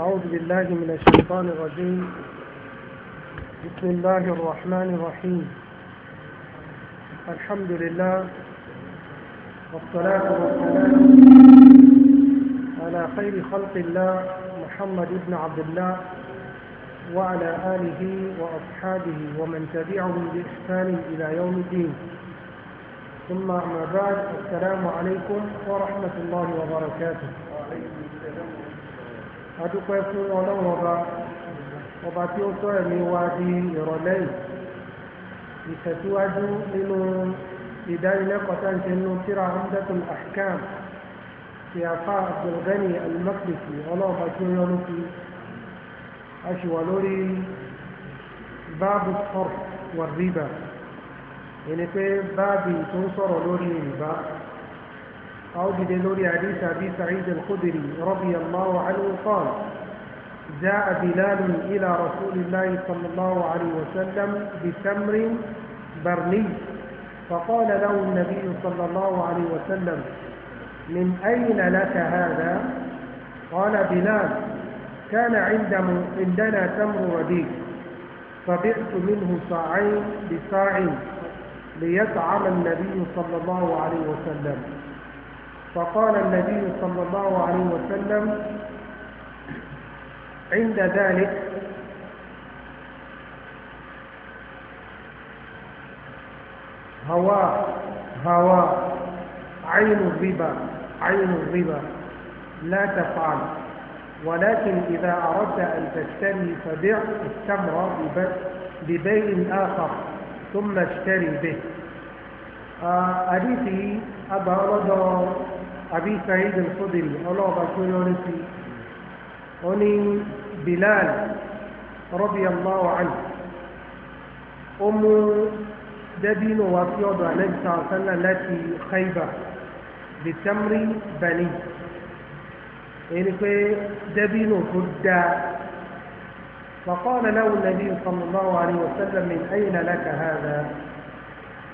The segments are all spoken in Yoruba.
أعوذ بالله من الشيطان الرجيم بسم الله الرحمن الرحيم الحمد لله والصلاة والسلام على خير خلق الله محمد بن عبد الله وعلى آله وأصحابه ومن تبعهم بإحسان إلى يوم الدين ثم أما بعد السلام عليكم ورحمة الله وبركاته وعليكم السلام adúpẹ́ fún ọlọ́run ọba ọba tí ó sọ ẹ̀mí wa di ìrọ̀lẹ́ yìí ìtẹ̀síwájú nínú ìdánilẹ́kọ̀ọ́ tá ń ṣe nínú tírà Umdatul Ahkam ti afa Abdulgani al-Maqdisi ọlọ́run ọba tí ó yọ lókè a sì wà lórí báàbù sọ̀rọ̀ wà rìbá ẹni pé báàbì tó ń sọ̀rọ̀ lórí rìbá. أعود لوري حديث أبي سعيد الخدري رضي الله عنه قال جاء بلال إلى رسول الله صلى الله عليه وسلم بتمر برني فقال له النبي صلى الله عليه وسلم من أين لك هذا؟ قال بلال كان عندنا تمر وديك فبعت منه صاعين بصاع ليطعم النبي صلى الله عليه وسلم فقال النبي صلى الله عليه وسلم عند ذلك هوا هوا عين الربا عين الربا لا تفعل ولكن إذا أردت أن تشتري فبع التمر ببيع آخر ثم اشتري به أريد آه، أبا رضا أبي سعيد الخدري الله بكر يونسي أني بلال رضي الله عنه أم دبين وفيض النبي صلى الله عليه وسلم التي خيبة بتمر بني يعني في دبين هدى فقال له النبي صلى الله عليه وسلم من أين لك هذا؟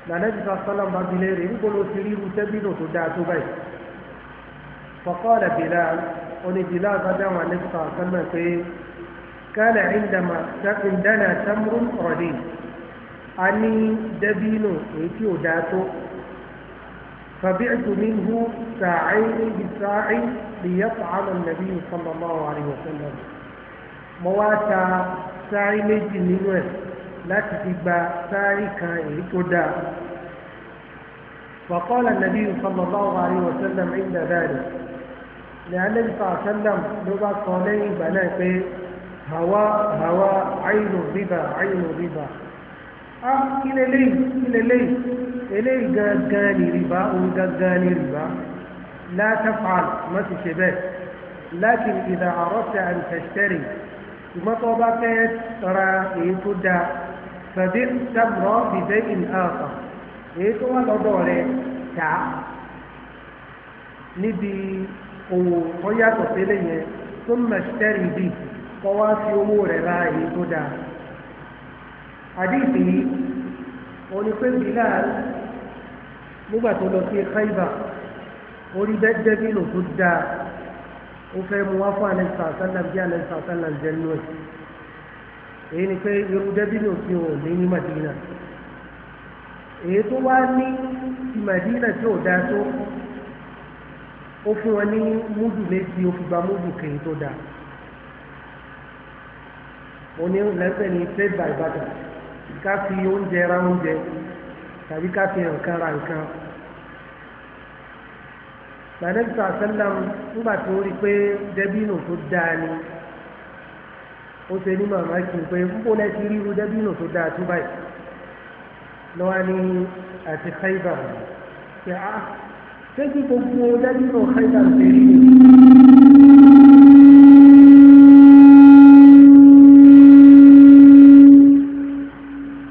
لنجد صلى الله عليه وسلم بابليري يقول سرير تبين هدى تبين فقال بلال ولي بلال غدا النبي صلى الله كان عندما عندنا تمر رديء أني دبين ويتي وداتو فبعت منه ساعين بساع ليطعم النبي صلى الله عليه وسلم مواتا ساعي méjì nínú ẹ̀ láti fi gba فقال النبي صلى الله عليه وسلم عند ذلك lẹ́yìn sàtẹ́lẹ̀m ló bá sọ lẹ́yìn ìgbà náà pé hàwa hàwa àìlò rìbà àìlò rìbà á kílẹ̀ lẹ́yìn kílẹ̀ lẹ́yìn eléyìí gangan ni rìbá òun gangan ni rìbá látàfà má ti ṣe bẹ́ẹ̀ láti ìdá àrọ́tà àǹtẹ̀ṣẹ́rì ṣùgbọ́n tó bá fẹ́ ra èyí tó dáa fẹ̀bí sábùrọ̀ bìbẹ́ ìlú àfà èyí tó wà lọ́dọ̀ rẹ̀ tà níbi òwò tó yàtọ̀ sílẹ̀ yẹn tó mẹ̀sítẹ́rì bì kọ́ wá sí owó rẹ̀ ra èyí tó dáa. àdìsí orí pé Bilal nígbà tó lọ sí Khaybar orí dẹ́gbẹ́bí lò tó dáa ó fẹ́ mu wá fún alẹ́sà sálàm bí alẹ́sà sálàm jẹ́ ẹ̀ èyí ni pé irú dẹ́bí lò ò ní ní Madina èyí tó wá ní ti Madina tí ò dáa tó ó fún wọn ní múdù méjì ó fi gba múdù kìí tó dáa oní lẹ́sẹ̀ ní trade by barter ká fi oúnjẹ ra oúnjẹ tàbí ká fi nǹkan ra nǹkan gbàdẹ́gbà sẹ́lẹ̀m nígbà tó rí pé dẹ́bìnù tó dáa ni ó ṣe ní màmá kí n pé púpọ̀ náà ti rí irú dẹ́bìnù tó dáa tó báyìí lọ́wọ́ ní àti Khaybar ṣe á ah, tẹ́sí gbogbo dájú náà ṣáìdá ń tẹ̀lé ní.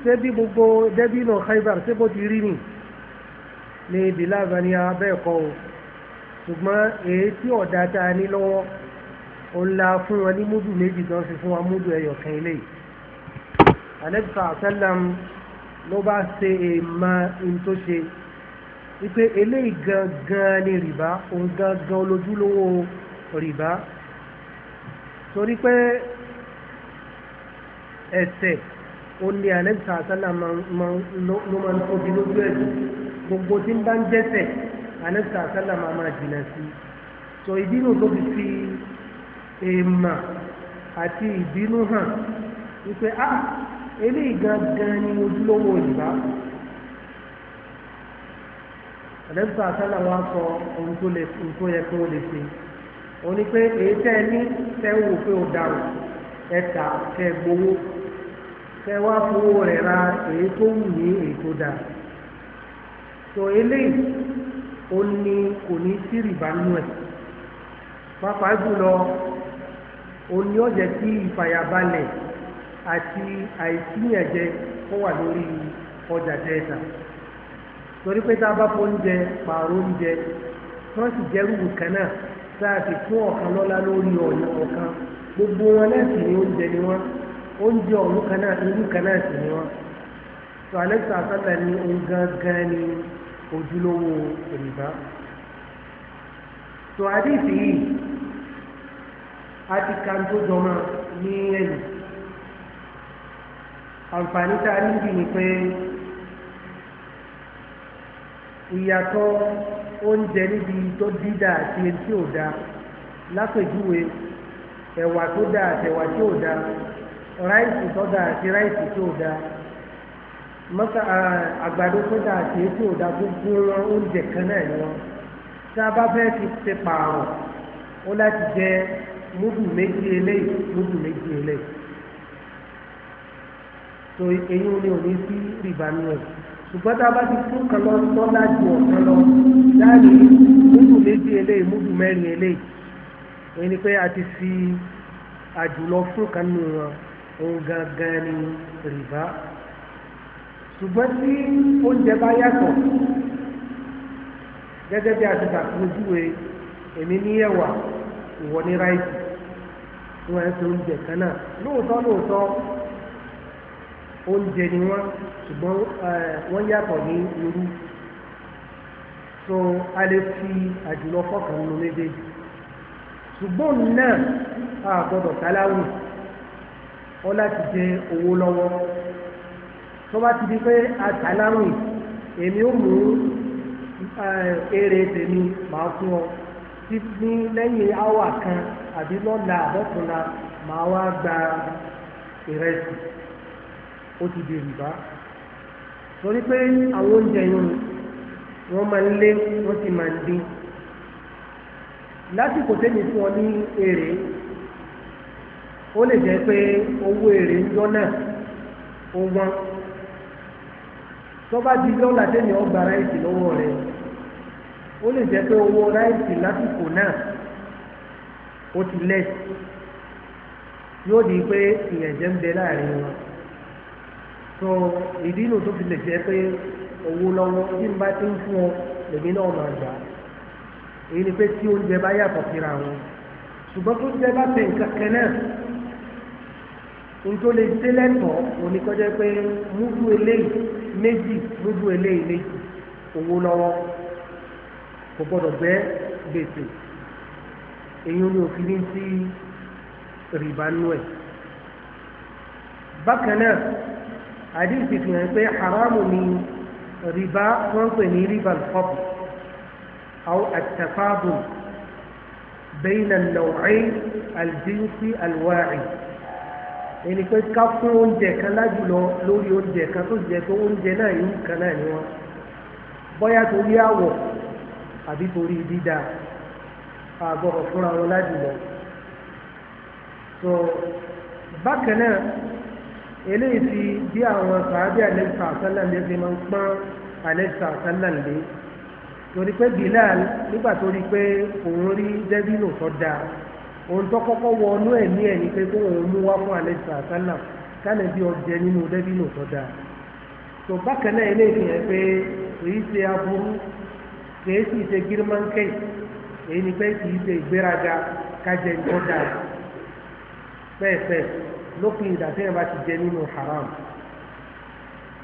tẹ́bí gbogbo dẹ́bí náà ṣáìdá ṣé bó ti rí ni ní bìláàbà ni abẹ́ ẹ̀kọ́ o ṣùgbọ́n èyí tí ọ̀dà tá a ní lọ́wọ́ ó la fún wọn ní múdù méjì kan fi fún wa múdù ẹyọ kan eléyìí alẹ́ bí sọ àṣálàm ló bá ṣe èèmọ̀ ní wípé eléyìí gangan ni rìbá òun gangan olójúlówó rìbá torí pé ẹsẹ̀ ó ní àlẹ́sà àtàlà ló máa ń tóbi lójú ẹ̀ gbogbo tí ń bá ń jẹ́sẹ̀ àlẹ́sà àtàlà máa máa jìnà sí i sọ ìbínú tó fi fi èèmà àti ìbínú hàn wípé ah eléyìí gangan ni ojúlówó ìbá àdẹ́sọ̀ àtàlà wa sọ ohun tó yẹ kí wọ́n lè ṣe òun ni pé èyí tẹ́ ẹ ní tẹ́ wò pé ó dàrú ẹ tà kẹ́ ẹ gbowó kẹ́ ẹ wá fowó rẹ̀ ra èyí tó wù ní èyí tó dà tó eléyìí ó ní kò ní sí rìbá nú ẹ̀ pàápàá jùlọ ó ní ọ̀jẹ̀ kí ìfàyàbalẹ̀ àti àìsí ẹ̀jẹ̀ kó wà lórí ọjà tẹ́ẹ̀ta torí pé tá a bá fọ oúnjẹ pààrọ̀ oúnjẹ wọ́n sì jẹ́ rúbù kan náà tá a ti fún ọ̀kan lọ́lá lórí ọ̀yàn ọ̀kan gbogbo wọn náà sì ní oúnjẹ ni wọ́n oúnjẹ ọ̀rún kan náà irú kan náà sì ni wọ́n tó alexa sátà ní ohun gangan ni ojúlówó rìbá tó àdìsí yìí àti kàńtó jọmọ ní ẹ̀yìn àǹfààní tá a níbi ni pé. ìyàtọ̀ oúnjẹ níbi tó dídà àti etí tí ò da lápèjúwe ẹ̀wà tó da àti ẹ̀wà tí ò da ráìsì tó da àti ráìsì tí ò da mọ́tà àgbàdo tó da àti ò da gbogbo wọn oúnjẹ kan náà ni wọn a bá fẹ́ jẹ múdù so eyín ni ṣùgbọ́n tá a bá ti fún kan lọ tọ́ láti ọ̀kan lọ láàyè múdù méjì eléyìí múdù mẹ́rin eléyìí èyí pé a ti fi àjùlọ fún kan nù wọn òun gangan ni rìbá ṣùgbọ́n tí oúnjẹ bá yàtọ̀ gẹ́gẹ́ bí a ti ṣàpèjúwe èmi ní ẹ̀wà ìwọ ní ráìsì wọn ẹ̀ tó oúnjẹ kan náà lóòótọ́ lóòótọ́ oúnjẹ ni wọ́n ṣùgbọ́n wọ́n yàtọ̀ ní irú so a lè fi àjùlọ fọ́kàn nínú méjèèjì ṣùgbọ́n náà a gbọ́dọ̀ sáláwù ọ láti jẹ owó lọ́wọ́ tó bá ti di pé a sáláwù èmi ò mú èrè tèmi màá fún ọ ti ní lẹ́yìn áwà kan àbí lọ́la àbọ̀túnla màá wá gba ìrẹsì. E ó ti di rìbá torí pé àwọn oúnjẹ yìí wọ́n máa ń lé wọ́n sì máa ń dín lásìkò tẹ́mi fún ọ ní èrè ó lè jẹ́ pé owó èrè ń yọ náà ó wọ́n tọ́ba di dọ́là tẹ́mi ọgbà ráìsì lọ́wọ́ rẹ̀ ó lè jẹ́ pé owó ráìsì lásìkò náà ó ti lẹ̀ yóò di pé ìyẹ̀jẹ̀ ń bẹ láàrin wọn so ìdí inú tó fi lè jẹ́ pé owó lọ́wọ́ bí n bá ti ń fún ọ lèmi náà máa gbà á èyí ni pé tí oúnjẹ bá yàtọ̀ síra wọn ṣùgbọ́n tó jẹ́ bá tẹ̀ nǹkan kan náà nítorí lè dé lẹ́tọ̀ọ́ oníkọ́jẹ́ pé múdú eléyìí méjì múdú eléyìí méjì owó lọ́wọ́ kò gbọ́dọ̀ gbẹ́ gbèsè èyí ni òfin ní sí rìbá ẹ̀ bákan náà hadith fi hàn pé haramu ni rìbá wọ́n pè ní rìbá al-khop aw at-tafadul bayna an-naw'ayn al-jinsi al-wa'id ẹni pé ká fún oúnjẹ kan lájùlọ lórí oúnjẹ kan tó jẹ pé oúnjẹ náà yìí kan náà ni wọn bóyá torí àwọ̀ àbí torí dídá àgbọ̀rọ̀ fúnra wọn lájùlọ so bákan náà eléyìí ti bí àwọn sàábì àlẹ́sà àsálàm lè fi máa ń pọ́n àlẹ́sà àsálàm lé torí pé Bilal nígbà tó rí pé òun rí dẹ́bìnù tó òun tó kọ́kọ́ wọ inú ni pé kó òun mú wá fún àlẹ́sà àsálàm kálẹ̀ bí ọjẹ nínú dẹ́bìnù tó tó bákan náà eléyìí fi pé èyí ṣe aburú kìí sì ṣe gírímánkè èyí ni pé kìí ṣe ìgbéraga kájẹ ìkọ́dà bẹ́ẹ̀ bẹ́ẹ̀. lópin ìgbà tí ẹ bá ti jẹ nínú haram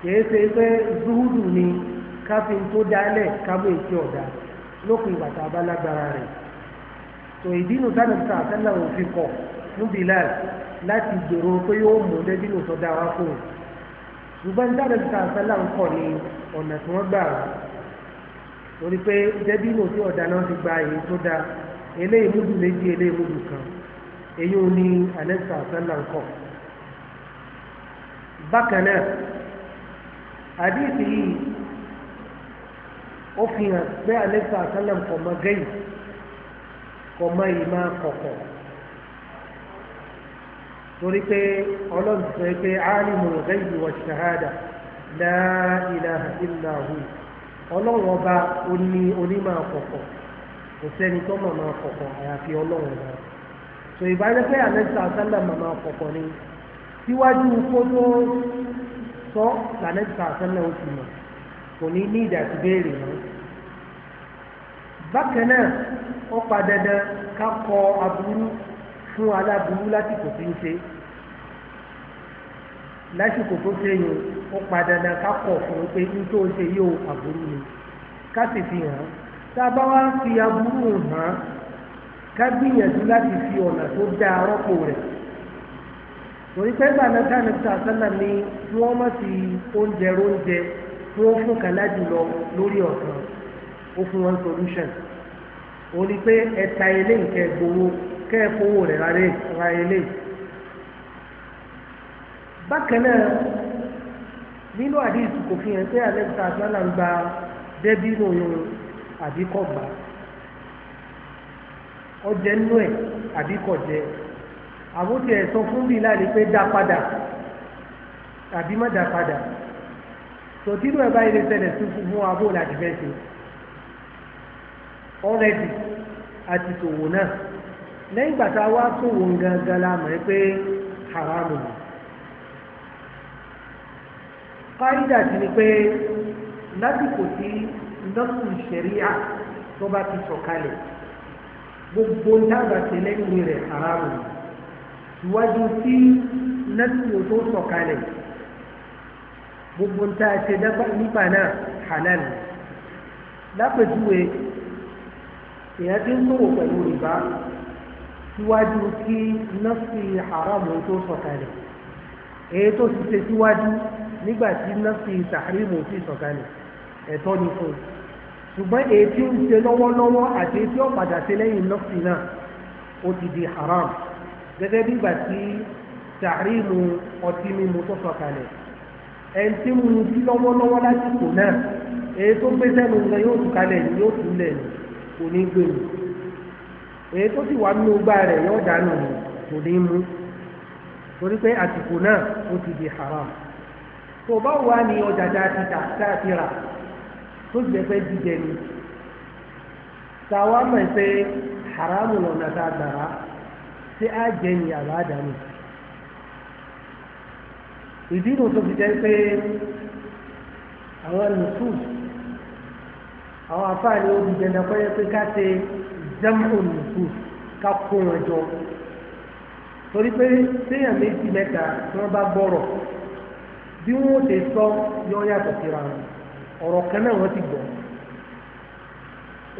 kìí ṣe pé zuhudu ni káfí tó dálẹ̀ kábọ̀ ètí ọ̀dà lópin ìgbà tá a bá lágbára rẹ̀ tó ìdínú sálẹ̀mùsà àtẹ́lẹ̀ òfin kọ̀ fún Bilal láti gbèrò pé yóò mú lẹ́bínú sọ́dá wá fún un ṣùgbọ́n sálẹ̀mùsà àtẹ́lẹ̀ ń kọ̀ ní ọ̀nà tí wọ́n gbà wá torí pé dẹ́bínú tí ọ̀dà náà ti gba èyí tó dáa eléyìí múdù méjì eléyìí múdù kan èyí ò ní àlẹ́sà àtẹ́lẹ̀ ń kọ̀ bákan náà àdìsí yìí ó fi hàn pé àlẹ́sà sálẹ̀m kò mọ gẹ́yìn kò mọ ìmọ̀ kọ̀kọ̀ torí pé ọlọ́run sọ pé alimul ghaybi wa shahada la ilaha illa hu ọlọ́run ọba oní onímọ̀ kọ̀kọ̀ kò sẹ́ni tó mọ̀ mọ̀ kọ̀kọ̀ àyàfi ọlọ́run ọba so ìbáraẹni pé sálẹ̀m mọ̀ kọ̀kọ̀ ni. síwájú kó tó sọ lànàbíkà sẹ́lẹ̀ oṣù kò ní ní ìdá ti béèrè mọ́. bákan náà ó pa dandan ká kọ aburú fún aláburú lásìkò tí ń ṣe lásìkò tó ṣe yìí ó pa dandan ká kọ fún un pé ṣe yóò aburú ni ká sì fi hàn án tá a bá wá fi aburú hàn án ká gbìyànjú láti fi ọ̀nà tó torí pé gbà náà káàní tó àtàlà ni kí wọ́n má fi oúnjẹ róúnjẹ kí wọ́n fún kàlá jùlọ lórí ọ̀sán ó fún wọn solution ó ní pé ẹ̀ta ilé ìkẹ́ gbowó kẹ́ fowó rẹ̀ ra ilé bákan náà nínú àdìsí kò fi hàn pé àlẹ́sà àtàlà ń gba débí lòun àbíkọ̀ gbà ọjẹ́ nú ẹ̀ àbíkọ̀ jẹ́ ẹ̀ àbútí ẹ̀ sọ fún bí láàrin pé dá padà àbí má dá padà tòtínú ẹ̀ báyìí lè ṣẹlẹ̀ sí fún abó láti fẹ́ ṣe ọ̀rẹ́dì àti tòwò náà lẹ́yìn ìgbà tá a wá tòwò gangan la mọ̀ pé haramu ni fáyidà ti ni pé lásìkò tí nọ́ọ̀sì ṣẹ̀ríà tó bá ti sọ̀kalẹ̀ gbogbo dábàá tẹ̀lé ìwé rẹ̀ haramu ni síwájú tí nẹ́sìkò tó sọ̀kalẹ̀ gbogbo tá a ṣe nípa náà halal lápèjúwe èèyàn ti ń sọ̀rọ̀ pẹ̀lú rìbá síwájú kí nọ́ọ̀sì haram tó sọ̀kalẹ̀ èyí tó ti ṣe síwájú nígbà tí nọ́ọ̀sì tàhírìmù ti sọ̀kalẹ̀ ẹ̀tọ́ ni fún un ṣùgbọ́n èyí tí ń ṣe lọ́wọ́lọ́wọ́ àti èyí tí ó padà ṣe lẹ́yìn nọ́ọ̀sì náà ó ti di haram gẹ́gẹ́ bí ìgbà tí tàrímù ọtí mímu tó sọ̀kalẹ̀ ẹni tí mu bí lọ́wọ́lọ́wọ́ lásìkò náà èyí tó gbé sẹ́nu nǹkan yóò tù kalẹ̀ ní yóò tù lẹ̀ ní kò ní gbé mi èyí tó sì wà nínú gbá rẹ̀ yóò dànù kò ní mú torí pé àsìkò náà ó ti di haram tó bá wà ní ọjà tá a ti tà tá a ti rà tó sì lè fẹ́ jíjẹ ni tàwa mọ̀ haramu lọ́nà tá a gbàrà ṣé á jẹ ìyìn àbá àdánù ìdí ìlú tó fi jẹ́ pé àwọn nùtù àwọn afáàní olùjẹ nàkọyẹ pé ká ṣe jẹ́mù nùtù ká kó wọn jọ torí pé séèyàn méjì mẹ́ta tí wọ́n bá gbọ́rọ̀ bí wọ́n ṣe sọ yọ yàtọ̀ síra wọn ọ̀rọ̀ kan náà wọ́n ti gbọ́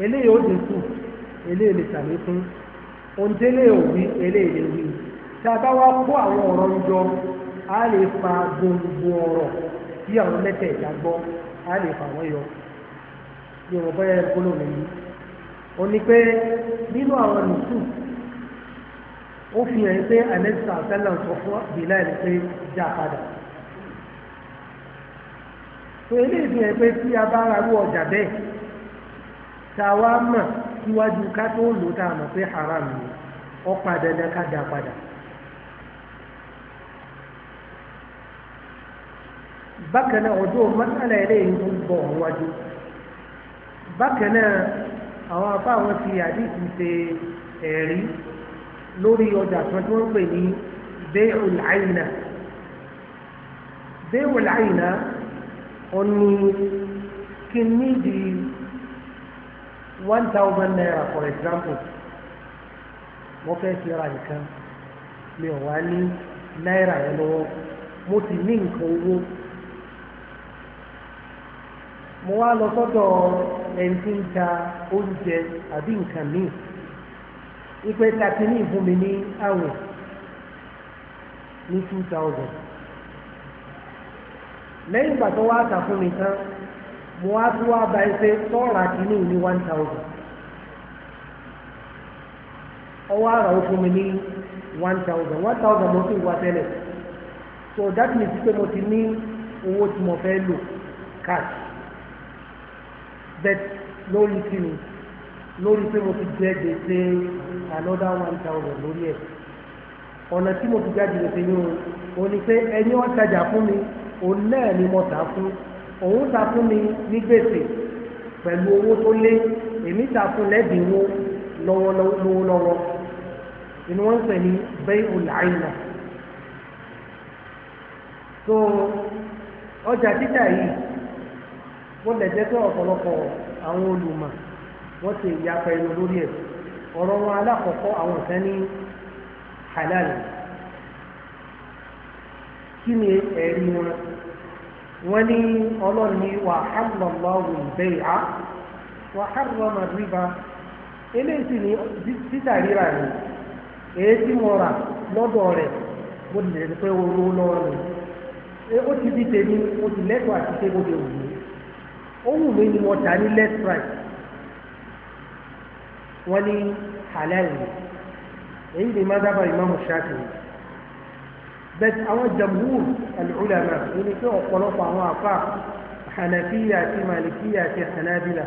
eléyìí ó dínkù eléyìí lè tàbí fún òǹtẹ́lẹ̀ òbí eléyìí wí tí a bá wá kó àwọn ọ̀rọ̀ ń jọ a lè fa gbòǹgbò ọ̀rọ̀ tí àwọn mẹ́tẹ̀ẹ̀ta gbọ́ a lè fa wọ́n yọ bí wọ́n bẹ́ẹ̀ gbólóhùn yìí ó ní pé nínú àwọn nùsù ó fi hàn pé anẹ́sà àtẹ́lẹ̀ sọ fún bílẹ̀ ní pé já padà tó eléyìí fi pé tí a bá ra rú ọjà bẹ́ẹ̀ tá mọ̀ síwájú ká tó lò tá a mọ̀ pé haram ni ó padà dá ká dá padà. bákan náà ọdún mọ́sálà eléyìí tó ń bọ̀ wájú bákan náà àwọn afá àwọn àdìsí ṣe ẹ̀rí lórí ọjà kan tí wọ́n pè ní bẹ́ẹ̀rùn àìnà bẹ́ẹ̀rùn àìnà ọ̀nì kìíní one thousand naira for example mo fẹ́ fi ra nǹkan mi ò wá ní náírà yẹn lọ́wọ́ mo ti ní nǹkan owó mo wá lọ sọ́dọ̀ ẹni tí ń ta oúnjẹ àbí nǹkan míì ipe tàbí ní ìfún mi ní àwìn ní two thousand lẹ́yìn ìgbà tó wá tà fún mi tán mo wá tún wá bá ẹ pé tọ́ọ̀rà kìíní ní one thousand ọwọ́ àrà ó fún mi ní one thousand one thousand mo sì wá tẹ́lẹ̀ so that means pé mo ti ní owó tí mo fẹ́ lò cash bet lórí kìíní lórí pé mo ti jẹ́ gbèsè another one thousand lórí ẹ̀ ọ̀nà tí mo fi jáde lè fi yún un òní pé ẹni ọ̀tajà fún mi òun náà ni mo tà á fún un òun ta fún mi ní gbèsè pẹ̀lú owó tó lé èmi ta fún lẹ́dínwó lọ́wọ́lọ́wọ́ inú wọn pè ní bẹ́ẹ̀ olàìlà so ọjà títà yìí wọ́n lè jẹ́ pé ọ̀pọ̀lọpọ̀ àwọn olùmọ̀ wọ́n ti yapa ẹnu lórí ẹ̀ ọ̀rọ̀ wọn alákọ̀ọ́kọ́ àwọn kan ní halal kí ni ẹ̀rí wọn wọ́n ní ọlọ́run ní wà hàlọ́lọ́wù ìbẹ́yà wà hàlọ́mà rìbá eléyìí sì ní títà ríra rẹ̀ èyí tí mo rà lọ́dọ̀ rẹ̀ mo lè rí pé owó lọ́wọ́ rẹ̀ ó ti di tèmi ó ti lẹ́tọ̀ àti tèmi ó ti wù mí ó wù ni mo tà ní less price wọ́n ní halal èyí ni má dábàá ìmáàmù Ṣáfi'í bẹ́ẹ̀ àwọn jamhur al-ulama ẹni pé ọ̀pọ̀lọpọ̀ àwọn àfà hanafiya àti malikiya àti hanabila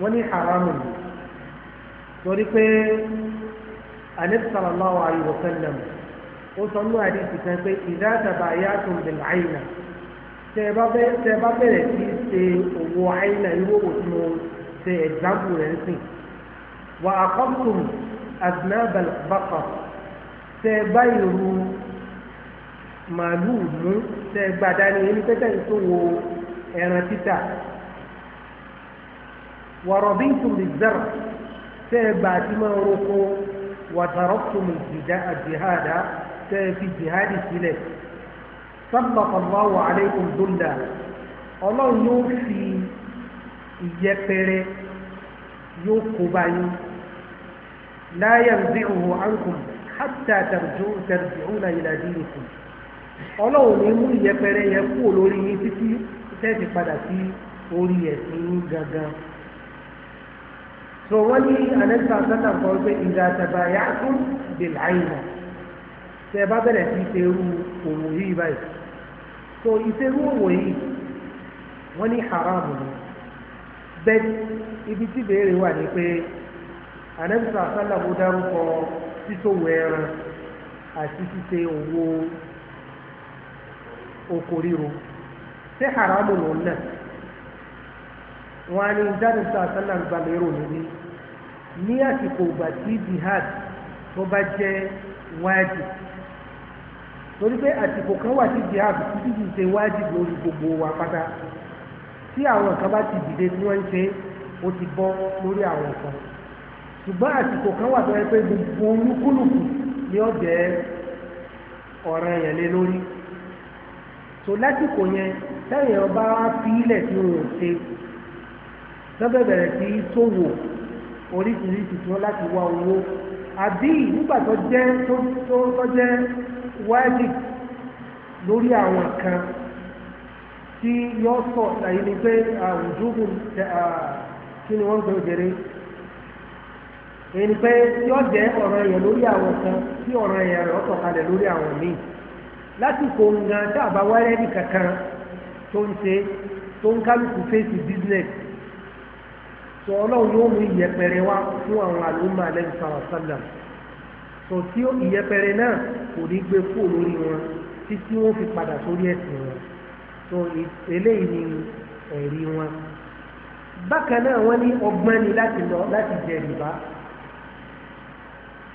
wọ́n ní haramu ni torí pé anabi sallallahu alayhi wa sallam ó sọ nínú àdìsí kan pé idha tabayatum bil ayna tẹ bá bẹ̀rẹ̀ sí ṣe òwò àìlà irú òwò ṣe ẹ̀dáàbò rẹ̀ sìn wà á kọ́kùn àdínàbàlbàkà tẹ bá ìrù màálù mú tẹ gbàdání ẹni pẹ́tẹ́ ń tó wo ẹran títà wọ̀rọ̀bí tún lè zẹ̀rọ̀ tẹ gbà tí máa ń roko wàtàrọ̀ tún lè jìjà àjìhàdá tẹ fi jìhàdì sílẹ̀ sábàkàlá wà aláìkùn dúndà ọlọ́run yóò fi ìyẹpẹrẹ yóò kó báyìí láyà ń bí òun àǹkùn hátà tàrjúùnà ìlàdí ìkùn ọlọ́run ní mú ìyẹpẹrẹ yẹn kúrò lórí yín títí tẹ́ẹ̀sì padà sí orí ẹ̀sìn yín gangan so wọ́n ní anẹ́sà sátà kan pé ìgbà àtàbà yà á tún dè láìmọ̀ tẹ́ ẹ bá bẹ̀rẹ̀ sí ṣe irú òwò yìí báyìí so ìṣerú òwò yìí wọ́n ní haram ni bẹ́ẹ̀ ibi tí béèrè wà ní pé anẹ́sà sátà kó dárúkọ sísòwò ẹran àti ṣíṣe òwò okoriro ríro ṣé haramu ló ń nà wọn á ne ni sọ àtàlà gbalẹ̀rò lórí ní àsìkò ìgbà tí jihad tó bá jẹ́ wájib torí pé àsìkò kan wà jihad gbogbo wa pátá tí àwọn kan ti dìde tí wọ́n ń ṣe ti bọ́ lórí àwọn kan ṣùgbọ́n àsìkò kan wà tó yẹ pé gbogbo olúkúlùkù ni ó jẹ́ tó lásìkò yẹn sẹ́yìn ọba fílẹ̀ tí wọn ò ṣe lọ́bẹ̀ bẹ̀rẹ̀ sí ṣòwò oríṣiríṣi tí wọ́n láti wá owó àbí nígbà tó jẹ́ tó jẹ́ wájì lórí àwọn kan tí yóò sọ ṣàyí ni pé àwùjọ́bù kí ni wọ́n ń gbé òjèrè èyí ni pé yóò jẹ́ ọ̀ràn yẹn lórí àwọn kan tí ọ̀ràn yẹn rọ̀ sọ̀kalẹ̀ lórí àwọn míì lásìkò nǹkan tá a bá wáyé ní kankan tó ń ṣe tó ń kálukú fèsì business tó ọlọ́run yóò mú ìyẹpẹrẹ wá fún àwọn àlùmọ́ alẹ́ ìsàlọ̀ sálàm tó tí ìyẹpẹrẹ náà kò ní gbé kú lórí wọn títí wọn fi padà sórí ẹ̀sìn wọn tó eléyìí ni ẹ̀rí wọn bákan náà wọ́n ní ọgbọ́n ni láti lọ láti jẹ rìbá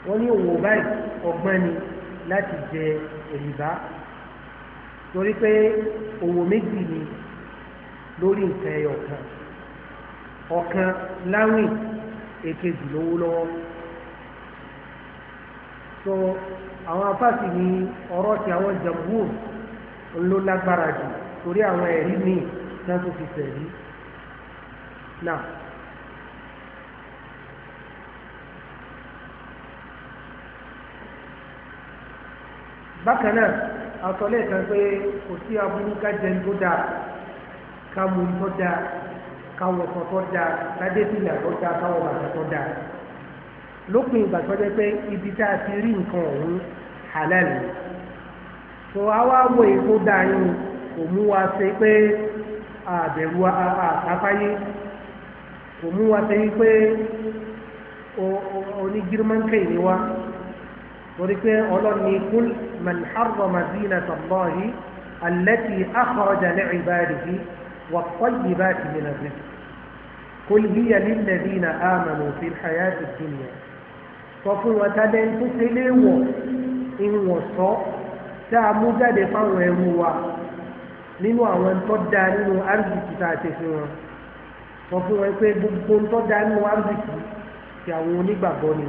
wọ́n ní òwò báyìí ọgbọ́n ni láti jẹ rìbá rìbá torí pé òwò méjì ni lórí nǹkan ẹyọ kan ọ̀kan láwìn èkejì lówó lọ́wọ́ so àwọn afáàsì ni ọ̀rọ̀ tí àwọn jàmbúù ló lágbára jù torí àwọn ẹ̀rí míì tí wọ́n fi tẹ̀lé náà. bákan náà àtọ́lẹ̀ kan pé kò sí aburú ká jẹun tó dáa ká mu tó dáa ká wọ̀sọ̀ tó dáa ká dé sílẹ̀ tó dáa ká wọ bàtà tó dáa lópin ìgbà tó jẹ́ pé ibi tá a ti rí nǹkan ọ̀hún halal tó a wá wọ èkó dáa yín kò mú wa ṣe pé àbẹ̀rù àtàfáyé kò mú wa ṣe pé onígírímọ́ńkẹ́ ìníwá torí pé ọlọ́ni kúl man harrama zinata Allahi allati akhraja li ibadihi wa tayyibati min ar-rizq kúl hiya lilladhina amanu fil hayati dunya sọ fún wọn tá dẹ́n tó ṣe léèwọ̀ ìwọ̀n sọ tá a mú jáde fáwọn ẹrú wa nínú àwọn tó dáa nínú arzikì tá a ṣe fún wọn sọ fún wọn pé gbogbo tó dáa nínú arzikì ti àwọn onígbàgbọ́ ni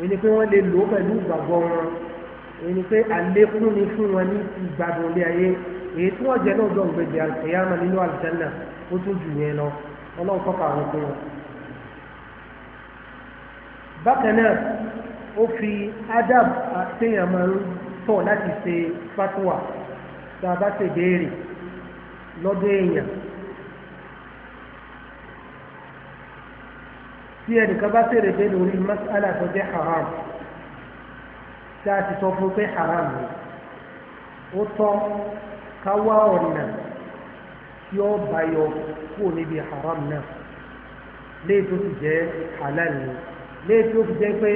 ẹni pé wọ́n lè lò ó pẹ̀lú ìgbàgbọ́ wọn ẹni pé àlékún ni fún wọn ní ìgbàdùn ilé ayé èyí tí wọ́n jẹ náà jọ ògbèdè àlùkìyàmà nínú àlùjánnà ó tún jù yẹn lọ ọlọ́run tọ́ka àwọn fún wọn. bákan náà ó fi adab àtẹ̀yàn máa ń tọ̀ láti ṣe fatuwa tá a bá ṣe béèrè lọ́dọ̀ èèyàn tí ẹnìkan bá tèrè dé lórí mas'ala tó jẹ́ haram tí a ti sọ fún pé haram ni ó tọ́ ká wá ọ̀nà tí ó bayọ kúrò níbi haram náà léyìí tó ti jẹ́ halal ni léyìí tó ti jẹ́ pé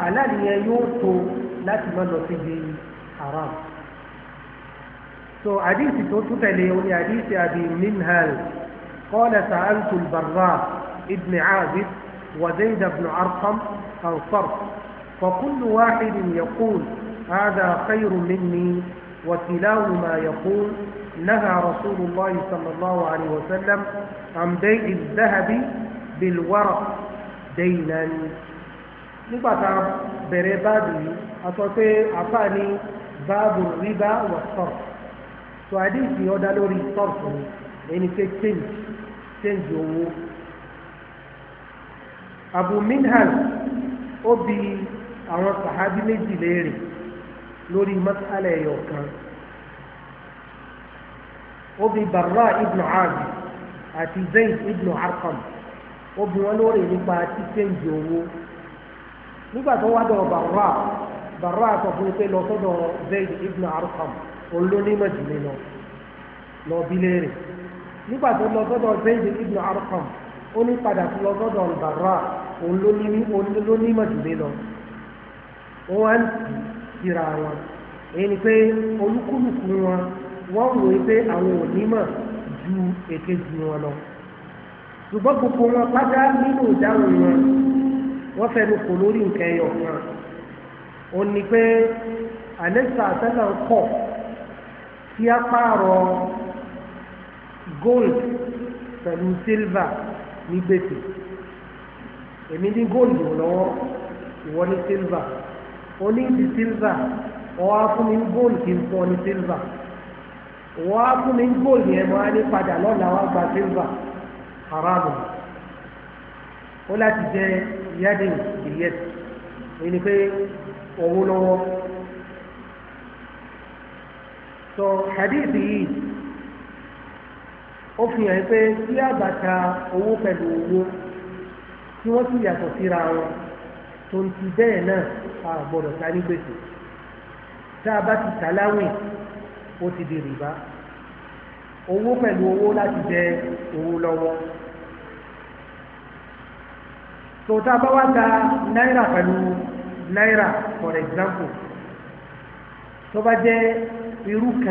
halal yẹn yóò tó láti má lọ síbi haram. So hadisi tó tún tẹ̀lé o ní hadisi Abi Minhal qala sa'altu al ابن عابد وزيد بن أرقم أنصر فكل واحد يقول هذا خير مني وكلاه ما يقول نهى رسول الله صلى الله عليه وسلم عن بيع الذهب بالورق دينا نبقى بربادي a أفاني باب الربا والصرف sọ يودالوري apá يعني báàbù rìbá wà change change owó abu minhal ó bi àwọn sàhábí méjì léèrè lórí masala ẹyọ kan ó bi barra ibnu azi àti zayd ibnu arqam ó bi wọn lórí nípa títẹ̀jì owó nígbà tó wá dọ̀ barra barra sọ fún mi pé lọ sọ́dọ̀ zayd ibnu arqam òun ló lọ lọ bi léèrè nígbà tó lọ sọ́dọ̀ zayd ibnu arqam ó ní padà tó lọ sọ́dọ̀ barra òun ló nímọ̀ jù mí lọ wọ́n wá ń tì wọn èyí ni pé olúkúlùkù wọn wọ́n rò ó pé àwọn ò nímọ̀ ju èkejì wọn lọ ṣùgbọ́n gbogbo wọn pátá nínú ìdáhùn wọn wọ́n fẹnu kò lórí nǹkan ẹyọ kan ó ní pé àlẹ́sà àtẹ́lẹ̀ ń kọ̀ kí á pààrọ̀ gold pẹ̀lú silver ní gbèsè èmi ní góòlù lọ́wọ́ ìwọ ní sílvà ó ní ti sílvà ọwọ́ á fún mi ní góòlù kí n fún ọ ní sílvà ọwọ́ á fún mi góòlù yẹn mo ní padà lọ́la wá gba sílvà haramu ó láti jẹ yáde ìyẹn èyí pé owó lọ́wọ́ so hadith yìí ó fi hàn pé tí àbàtà owó pẹ̀lú owó. tí wọ́n sì yàtọ̀ síra wọn tó ti bẹ́ẹ̀ náà a gbọ́dọ̀ ta ní gbèsè tá a bá ti tà láwìn ó ti di owó pẹ̀lú owó láti jẹ owó lọ́wọ́ tó tá wá ta náírà pẹ̀lú náírà for example tó bá jẹ́ irú ni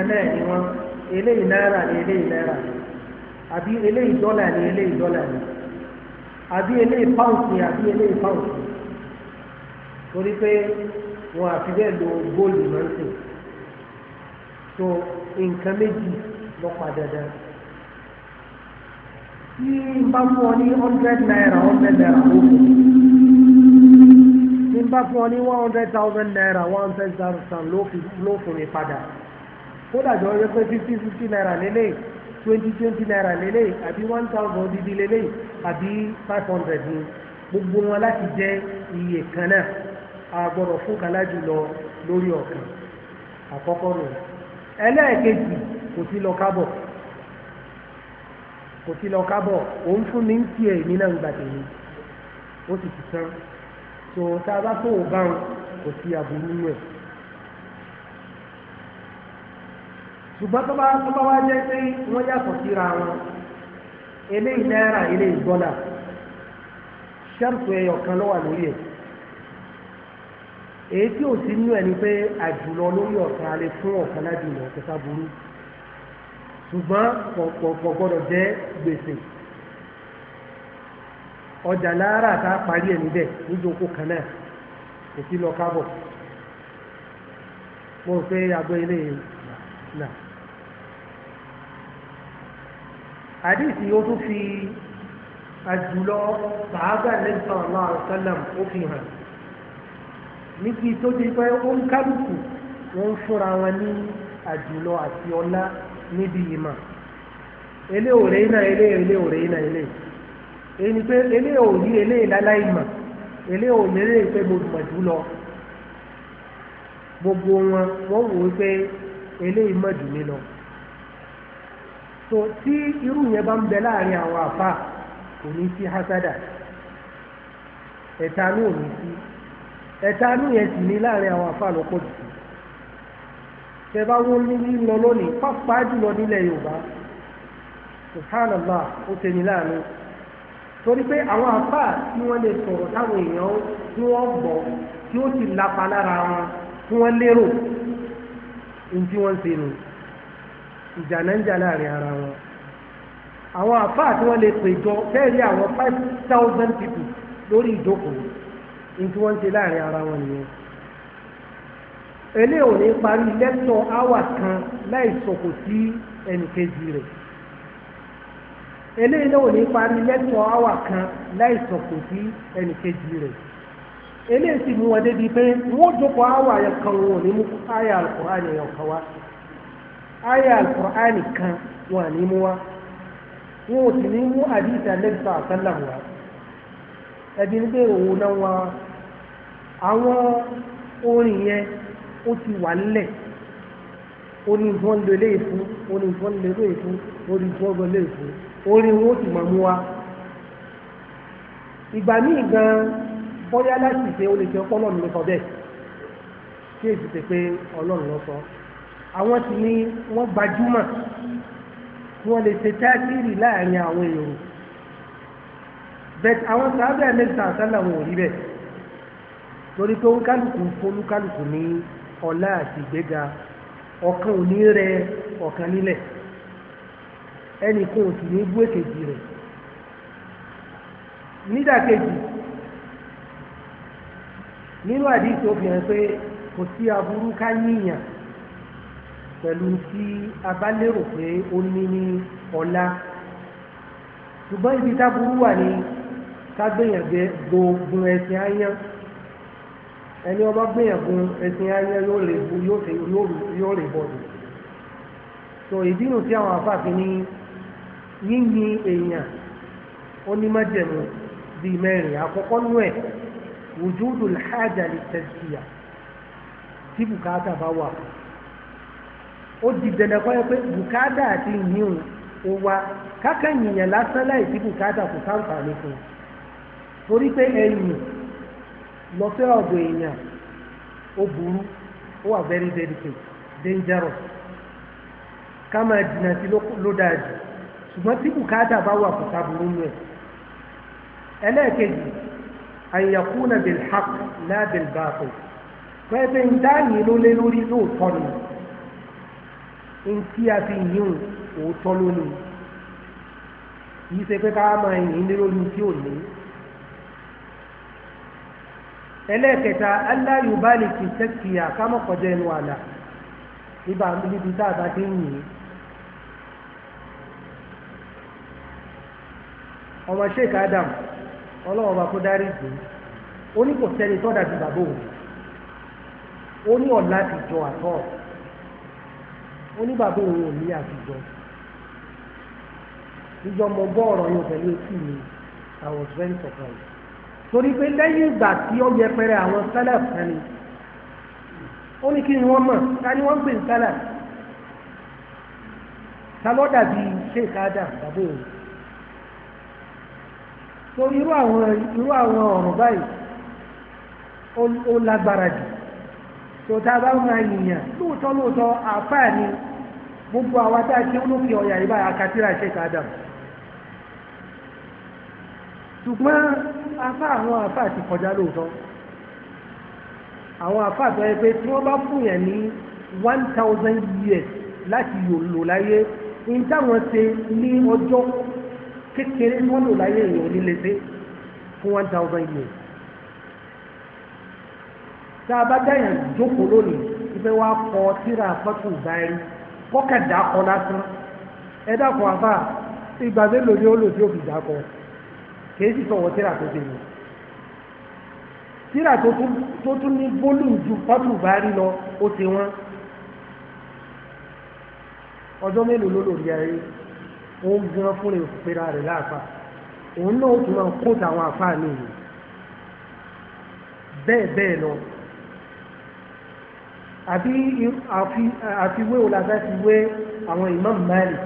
eléyìí náírà ni eléyìí náírà ni eléyìí dọ́là ni. àbí eléyìí pounds ni àbí eléyìí pounds ni torí pé wọn àfi bẹ́ẹ̀ lo góòlù máa ń sè so nǹkan méjì lọ pa dandan tí n bá fún ọ ní hundred naira hundred naira ó fún tí n bá fún ọ ní one hundred thousand naira one hundred thousand ló fún mi padà kódà jọ wípé fifty fifty naira lélẹ́yìí twenty twenty naira lélẹ́yìí àbí one thousand dídí lélẹ́yìí àbí five hundred ni gbogbo wọn láti jẹ́ iye kan náà a gbọ́dọ̀ fún kàlá jùlọ lórí ọ̀kan àkọ́kọ́ nù ẹlẹ́ẹ̀kejì kò sí lọ kábọ̀ kò sí lọ kábọ̀ òun fún mi ń tiẹ̀ èmi náà ń gbà tèmi ó sì ti tán tó tá a bá tó o bá wọn kò sí aburú nù ẹ̀. ṣùgbọ́n tó bá tó bá wá jẹ́ pé wọ́n yàtọ̀ síra wọn eléyìí náírà eléyìí dọ́là ṣẹ́ǹtù ẹyọ kan ló wà lórí ẹ̀ èyí tí ò sí nínú ẹni pé àjùlọ lórí ọ̀kan alẹ́ fún ọ̀kan lájùlọ kẹta burú ṣùgbọ́n pọ̀pọ̀pọ̀ gbọ́dọ̀ jẹ́ gbèsè ọjà náírà tá a parí ẹ̀ níbẹ̀ níjókòó kan náà kò sí lọ kábọ̀ mo rò pé agbo eléyìí náà. àdìsí ó tún fi àjùlọ sàábà Ànábì sallallahu alaihi wasallam ó fi hàn níbi tó di pé ó ń kálukú wọ́n ń fúnra wọn ní àjùlọ àti ọlá níbi ìmọ̀ ele ò rèé náà ele ele ò rèé náà ele ẹni pé ele ò ní ele gbogbo wọn wọ́n so tí irú yẹn bá ń bẹ láàrin àwọn àfa kò ní sí hasada ẹ̀tanú ò ní sí ẹ̀tanú yẹn sì ní láàrin àwọn àfa lọ́pọ̀ jù tẹ bá wọ́n ní lọ lónìí pàápàá jùlọ nílẹ̀ Yorùbá subhanallah ó tẹni láàánú torí pé àwọn àfa tí wọ́n lè sọ̀rọ̀ táwọn èèyàn tí wọ́n gbọ́ tí ó sì lapa lára wọn tí wọ́n lérò ní tí wọ́n ń ṣe nù. ìjànájà láàrin ara wọn àwọn àfáà tí wọ́n lè péjọ fẹ́ẹ̀rí àwọn five thousand people lórí ìjókòó ní wọ́n ń ṣe láàrin ara wọn nìyẹn eléyìí ò ní parí lẹ́tọ̀ áwà kan láì sọ̀kò sí ẹnìkejì rẹ̀ eléyìí ò ní parí lẹ́tọ̀ áwà kan láì sọ̀kò sí ẹnìkejì rẹ̀ eléyìí sì mú wọn débi pé wọ́n jókòó áwà yẹn kan wọn ò ní aya alukur'ani kan wọn ní wa wọn ò sì ní mú àdìsá lẹ́gbẹ̀ẹ́ àtàlà wa ẹbí ní bẹ́ẹ̀ òun náà wá àwọn orin yẹn ó ti wà nílẹ̀ oní nǹkan lè lè fún oní nǹkan lè lè fún oní nǹkan lè lè fún orin wọn ó mú wa ìgbà míì gan bóyá láti ṣe olè àwọn sì ni wọ́n gbajúmọ̀ wọ́n lè ṣe táàkìrì láàrin àwọn èrò bẹ́ẹ̀ àwọn sábẹ́ mẹ́ta àtàlà wọn ò rí bẹ́ẹ̀ torí pé oníkálukú fọlúkálukú ní ọlá àti ìgbéga ọ̀kan ò ní rẹ ọ̀kan nílẹ̀ ẹnì kan ò sì ní bú èkejì rẹ̀ nídàkejì nínú àdìsí ó fi hàn pé kò sí aburú ká yíyàn pẹ̀lú tí a bá lérò pé ó ní ní ọlá ṣùgbọ́n ibi táburú wà ní kágbéyànjẹ gbogbo ẹ̀sìn ayán ẹni ọba gbéyànjú ẹ̀sìn ayán yóò lè bu yóò so ìdínú tí àwọn àfààfin ní yíyin èèyàn ó ní májẹ̀mú bíi mẹ́rin àkọ́kọ́ nú ẹ̀ wùjúdù làájà lè tẹ̀síyà tí bùkátà bá wà fún un ó di dandan kọ́ ẹ pé bùkádà àti ìyíhùn ó wá kákànyìyàn lásán láì sí bùkádà kò sáǹfààní fún un torí pé ẹ̀yìn lọ́fẹ́ ọ̀dọ̀ èèyàn ó burú ó wà very delicate dangerous ká máa jìnnà sí ló dáa jù ṣùgbọ́n tí bùkádà bá wà kò sábúrú nù ẹ̀ ẹlẹ́ẹ̀kejì àyàkúnà bilhaq la bilbatil pẹ́ẹ́pẹ́ ń dá yìí ló lé lórí lóòótọ́ nìyẹn ntí a fi yíyún òótọ́ lónìí yìí ṣe pé ká máa yìn ní lórí tí ò ní. ẹlẹ́ẹ̀kẹta aláyùbálì kì í tẹ́kìyà ká mọ̀ ẹnu àlà nígbà níbi tá a bá ti ń yìn. ọmọ sheik adam ọlọ́wọ́ bá kó dárí dùn ó ní kò sẹ́ni tọ́da ti bàbá òun ó ní ọ̀la ti jọ àtọ́ọ̀ oníbàbá òun ò ní àtijọ́ ìjọ mo gbọ́ ọ̀rọ̀ yẹn pẹ̀lú etí mi I was very surprised torí pé lẹ́yìn ìgbà tí ó yẹpẹrẹ àwọn sẹ́lẹ̀f ẹni ó ní kí ni wọ́n mọ̀ ta ni wọ́n ń pè ní sẹ́lẹ̀f ta ló dàbí sheik adam bàbá òun so irú àwọn irú àwọn ọ̀rọ̀ báyìí ó lágbára jù so tá a bá ń ra yìnyín lóòótọ́ lóòótọ́ àfáà ni gbogbo àwa tá a ṣe olókè ọ̀yà yìí akatira ṣe ká dà ṣùgbọ́n afá àwọn afá ti kọjá lóòótọ́ àwọn afá tó yẹ pé tí wọ́n bá fún yẹn ní one thousand years láti lò láyé ní táwọn ṣe ní ọjọ́ kékeré ni wọ́n lò láyé èèyàn nílé sí fún one thousand years tá a bá dáyàn jókòó lónìí ìfẹ́ wa kọ tíra fọ́tò báyìí kọ́kẹ́ dákọ lásán ẹ dákọ àfà ìgbà mélòó ni ó lò tí ó fi dákọ kìí sì sọ̀wọ́ tíra tó ṣe yìí tíra tó tún ní bólúù ju pátù bá rí lọ ó ti wọ́n ọjọ́ mélòó ló lòdì ayé òun gan fún lè pera rẹ̀ láàfà òun náà ó tún máa kóòtù àwọn àfáà ní ìlú bẹ́ẹ̀ lọ àbí àfiwé wo la fẹ́ fi wé àwọn imam Malik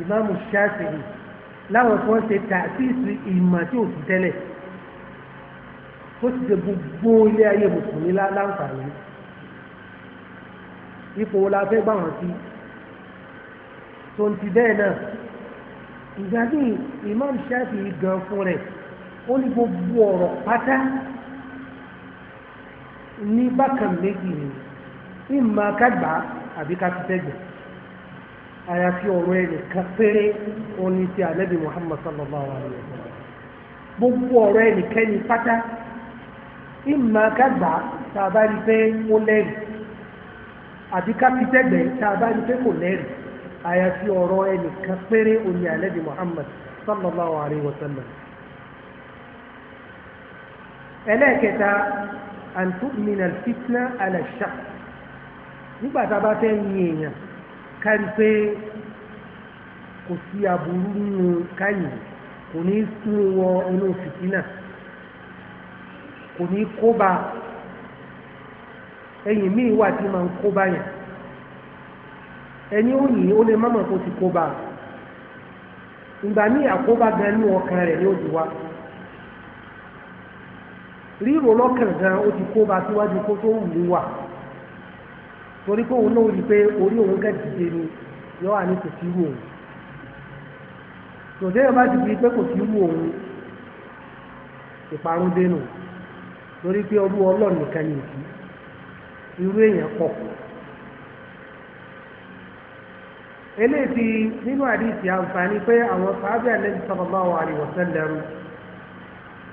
imam Shafi'i láwọn kan ṣe tàbíìsì ìmọ̀ tí ò sí tẹ́lẹ̀ tó ti ṣe gbogbo ilé ayé mùsùlùmí láǹfààní ipò wo la fẹ́ gbà wọ́n sí tó ń ti bẹ́ẹ̀ náà ìgbà ní imam Shafi'i gan fún rẹ̀ ó ní gbogbo ọ̀rọ̀ pátá ní bákan méjì nìyí ìmọ̀ akẹ́gbà àbí káfíńtẹ́gbẹ̀ àyàfi ọ̀rọ̀ ẹni kan péré oní ti ànábì Muhammad sallallahu alayhi wa sallam gbogbo ọ̀rọ̀ ẹni kẹ́ni pátá ìmọ̀ akẹ́gbà tàbá rí pé ó lẹ́rìí àbí káfíńtẹ́gbẹ̀ tàbá rí pé kò lẹ́rìí àyàfi ọ̀rọ̀ ẹni kan péré oní ànábì Muhammad sallallahu alayhi wa sallam ẹlẹ́ẹ̀kẹta àǹtúmìnà fitna alẹ́ ṣáà nígbà tá a bá fẹ́ yin èèyàn kárí pé kò sí aburú nínú káyìn kò ní sún wọ inú fìtínà kò ní kóbá ẹ̀yìn míì wà tí máa ń kóbá yẹn ẹni ó yìn ó lè má kó ti kóbá ìgbà míì àkóbá gan ní ọkàn rẹ̀ ni ó ti wá lọ́kàn gan ó ti kóbá síwájú kó tó wù ú wà torí pé òun náà rí i pé orí òun kẹ́ dìde ni yọ wà ní kò sí wù òun tòde yóò bá ti di pé kò sí wù òun ìparun dénú torí pé ọdún ọlọ́run nìkan ni ìdí irú èèyàn pọ̀ eléyìí nínú àdìsí àǹfààní pé àwọn sábẹ́ àlẹ́ sallallahu alaihi wasallam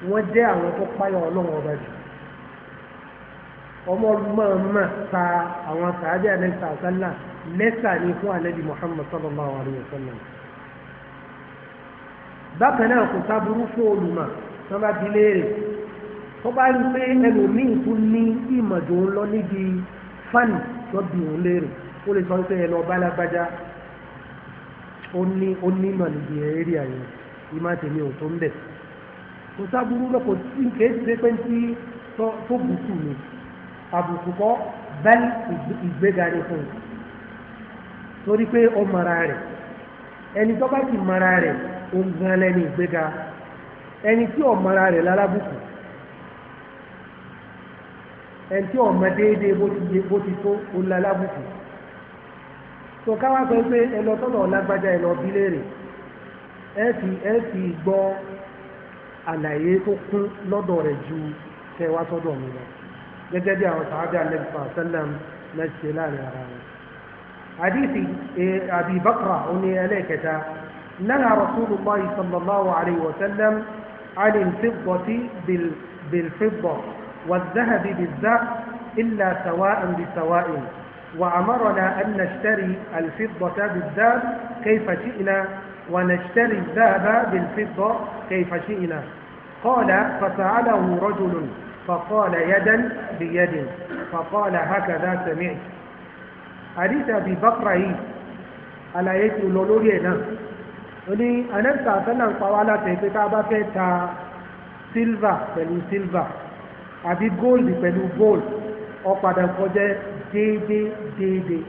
wọ́n jẹ́ àwọn tó páyọ̀ ọlọ́run ọba jù ọmọ mọ̀ọ́mọ̀ pa àwọn sàájà ní sàásánlá lẹ́sà ní fún ànábì Muhammad sallallahu alayhi wa sallam bákan náà kò sábúrú fún olùmọ̀ tí wọ́n bá di léèrè tó bá rí pé ẹlòmíì tún ní ìmọ̀jò ń lọ níbi fáànì tó bì ń léèrè ó lè sọ pé ẹ lọ bálágbájá ó ní ó ní ìmọ̀ níbi ẹ̀rí àyè ìmọ̀ ò tó ń bẹ̀ kò sábúrú lọ kò sí kéésì pé tí tó bùkù mi àbùkù kọ́ bẹ́ẹ̀ ìgbéga ni fún un torí pé ó mara rẹ̀ ẹni tó bá ti mara rẹ̀ ó ń gan lẹ́ni ìgbéga ẹni tí ò mara rẹ̀ lálábùkù ẹni tí ò mọ déédéé bó ti tó ó lálábùkù tó káwá sọ pé ẹ lọ tọ́lọ̀ lọ bí léèrè ẹ sì ẹ sì gbọ́ àlàyé tó kún lọ́dọ̀ rẹ̀ ju kẹwàá sọ́dọ̀ mi lọ. جدا وسعد عن النبي صلى الله عليه وسلم نجس لا نعرام حديث أبي بكر أني أليك نهى رسول الله صلى الله عليه وسلم عن الفضة بالفضة والذهب بالذهب إلا سواء بسواء وأمرنا أن نشتري الفضة بالذهب كيف شئنا ونشتري الذهب بالفضة كيف شئنا قال فسأله رجل فقال يدا بيد فقال هكذا سمعت حديث أبي بكر على يد لولوري نعم oni anẹ́sà sọ́nà ń pa wá láti ẹgbẹ́ tá a bá fẹ́ ta sílvà pẹ̀lú sílvà àbí góòlù pẹ̀lú góòlù ọ̀padà kọjá déédéé déédéé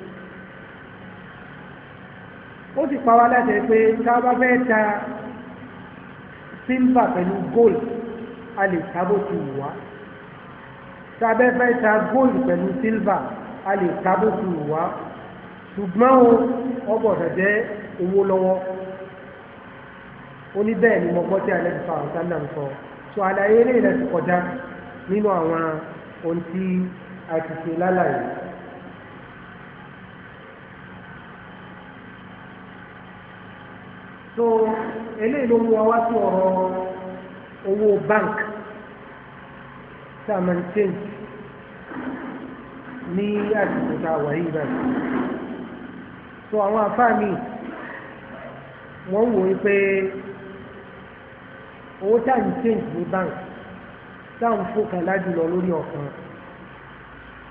ó sì pa wá láti ẹgbẹ́ tá a bá fẹ́ ta sílvà pẹ̀lú góòlù a lè ta bó ti wù wá tàbẹ́ fẹ́ ta gold pẹ̀lú silver a lè ta bó ti wù wá ṣùgbọ́n o ọgbọ̀dọ̀ jẹ́ owó lọ́wọ́ ó ní bẹ́ẹ̀ ni mo gbọ́ tí alẹ́ fà ọ̀sán náà sọ so àlàyé eléyìí rẹ̀ ti kọjá nínú àwọn ohun tí a ti ṣe lálàyé. so eléyìí ló mú wa wá sí ọ̀rọ̀ owó báńkì tá a máa ń change ní àsìkò tá a wà yìí náà so àwọn afáà wọ́n wò ó pé owó tá à ń change ní bank tá à ń fòkà lájùlọ lórí ọ̀kan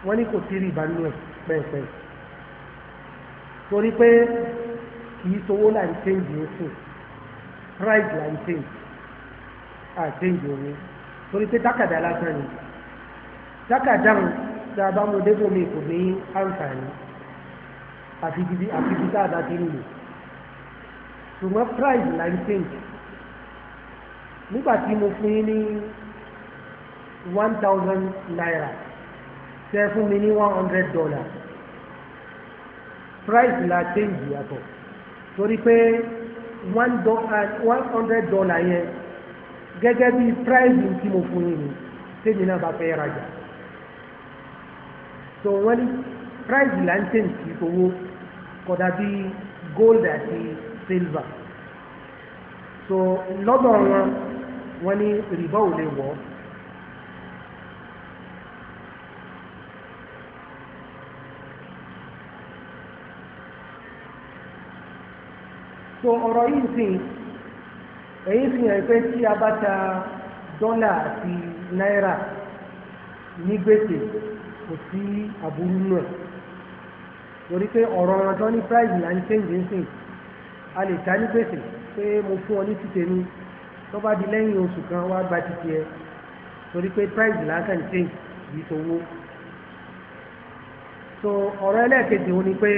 wọ́n ní kò sí rìbá nínú ẹ̀ pẹ́ẹ́pẹ́ẹ́ torí pé kì sowó là ń change yẹn fún price là ń change à change omi torí pé tákàdá lásán ni lákàdáhùn tí a bá mú débò mi kò ní àǹfààní àfi a bá ti ń lò ṣùgbọ́n price là ń change nígbà tí mo fún yín ní one naira tẹ fún mi ní 100 hundred dollars price la change yàtọ̀ torí pé one hundred dollar yẹn gẹ́gẹ́ bí price tí mo fún yín ni tèmi náà bá fẹ́ rajà so wọ́n price là ń tẹ̀sí owó kódà bí gold àti silver so lọ́dọ̀ wọn wọ́n ní rìbá ò lè wọ̀ so ọ̀rọ̀ yìí sì èyí fi hàn pé tí a bá ta dọ́là àti náírà ní gbèsè kò sí àbúrú náà torí pé ọ̀rọ̀ wọn ní price là ń change nsìn a lè ta ní gbèsè pé mo fún ọ ní títẹ ní tó bá di lẹ́yìn oṣù kan wá gba títí ẹ torí pé price là ń kàn change yìí tó wó so ọ̀rọ̀ ẹlẹ́ẹ̀kejì ó ní pé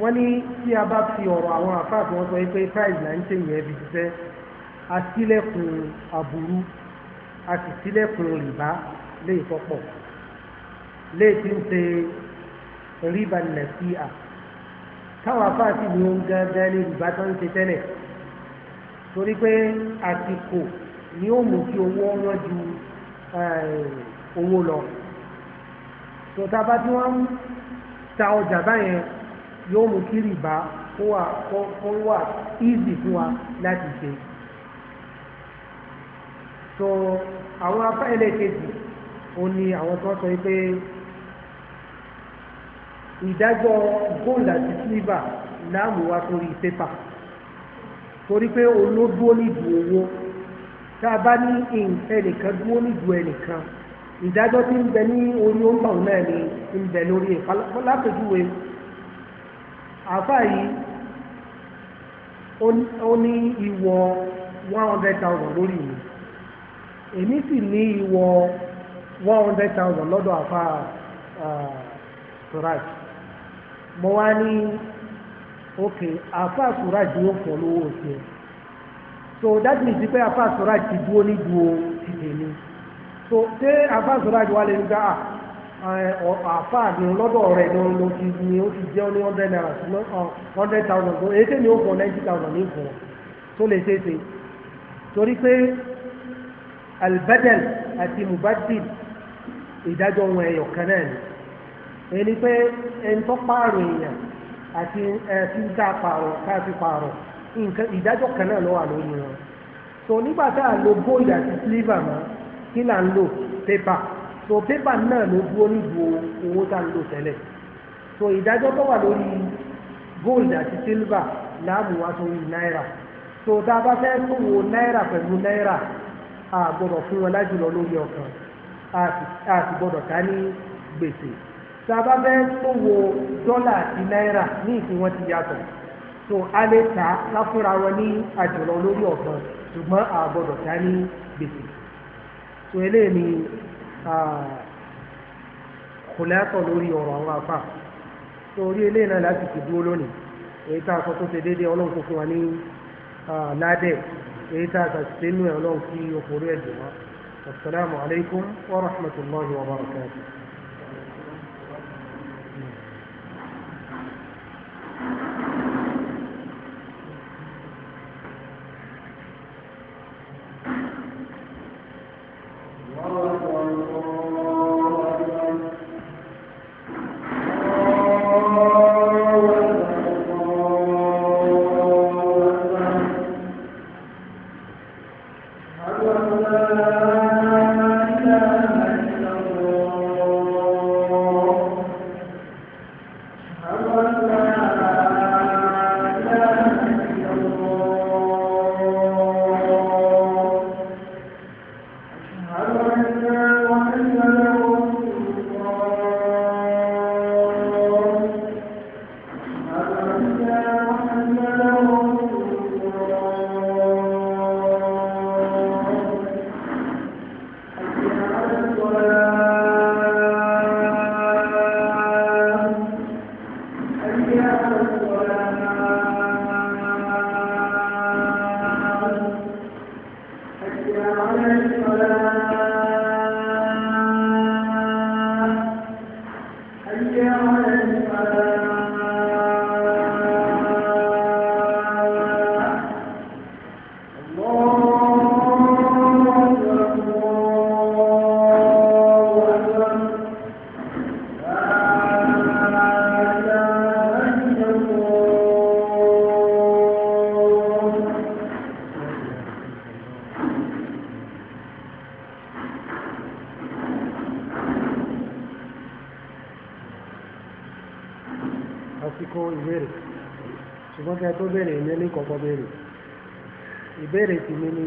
wọ́n ní tí a bá fi ọ̀rọ̀ àwọn àfáà tí wọ́n sọ pé price là ń change yẹn fi ṣiṣẹ́ a sílẹ̀kùn àbúrú a sì sílẹ̀kùn rìbá lè tọ́pọ̀ léètì ń ṣe rìbá nàṣíà táwọn afáàtì ni ó ń gángan ní rìbá tó ń ṣe tẹ́lẹ̀ torí pé àsìkò ni ó mú kí owó wọn ju eh, owó lọ tòtábà tí wọ́n ta ọjà báyẹn yóò mú kí rìbá kó wà kó wà ízì fún wa láti ṣe so àwọn apá ẹlẹ́kejì ó ní àwọn tó ń sọ pé ìdájọ́ gold àti silver láàmú wá sórí pépà torí pé olódúó nídùú owó tá a bá ní ẹnìkan dúó nídùú ẹnìkan ìdájọ́ tí ń bẹ ní orí oúnjẹ náà ni ń bẹ lórí ẹ̀ lápèjúwe àfáà yìí ó ní ìwọ one hundred thousand lórí mi èmi sì ní ìwọ one hundred thousand lọ́dọ̀ àfáà ah, Suraj. Uh, mo wá ní òkè àfa suraj yóò fọ lówó tiẹ̀ so that means pé àfa suraj ti dúró ní dúró ti tèmi so ṣé àfa suraj wà lè gba ah, àfa mi lọ́dọ̀ rẹ̀ ló ti ní ó ti jẹ́ ní hundred naira sí hundred thousand so èyí tèmi ó fọ ninety thousand ní fọ tó lè ṣe é ṣe torí pé albadal àti mubadil ìdájọ́ wọn ẹ̀yọ̀ kan náà ni ẹni pé ẹni tó pààrọ̀ èèyàn àti ẹ̀sìn dá pààrọ̀ káàfi pààrọ̀ nǹkan ìdájọ́ kan náà ló lórí wọn so nígbà tá a lo gold àti silver mọ́ kí là ń lò pépà so pépà náà ló dúró nídùú owó tá a lò tẹ́lẹ̀ so ìdájọ́ tó wà lórí gold àti silver láàmú wá sórí náírà so tá a bá fẹ́ tó wo náírà pẹ̀lú náírà a gbọ́dọ̀ fún wọn lájùlọ lórí ọkàn a sì gbọ́dọ̀ ká ní gbèsè tá a bá fẹ́ tó àti náírà ní ìsìn ti yàtọ̀ so a lè ta láfúnra wọn ní àjùlọ lórí ọ̀kan ṣùgbọ́n a gbọ́dọ̀ ta ní gbèsè so eléyìí ni kòlẹ́tọ̀ lórí ọ̀rọ̀ àwọn afá so orí eléyìí náà láti ti dúró lónìí èyí tá a sọ tó ṣe déédéé ọlọ́run kò fún wa ní ládẹ́ èyí tá a sọ ti sínú ẹ̀ ọlọ́run kí okòrò ẹ̀ jù wá wa rahmatullahi wa barakatuh kọ́kọ́ béèrè ìbéèrè tèmi ni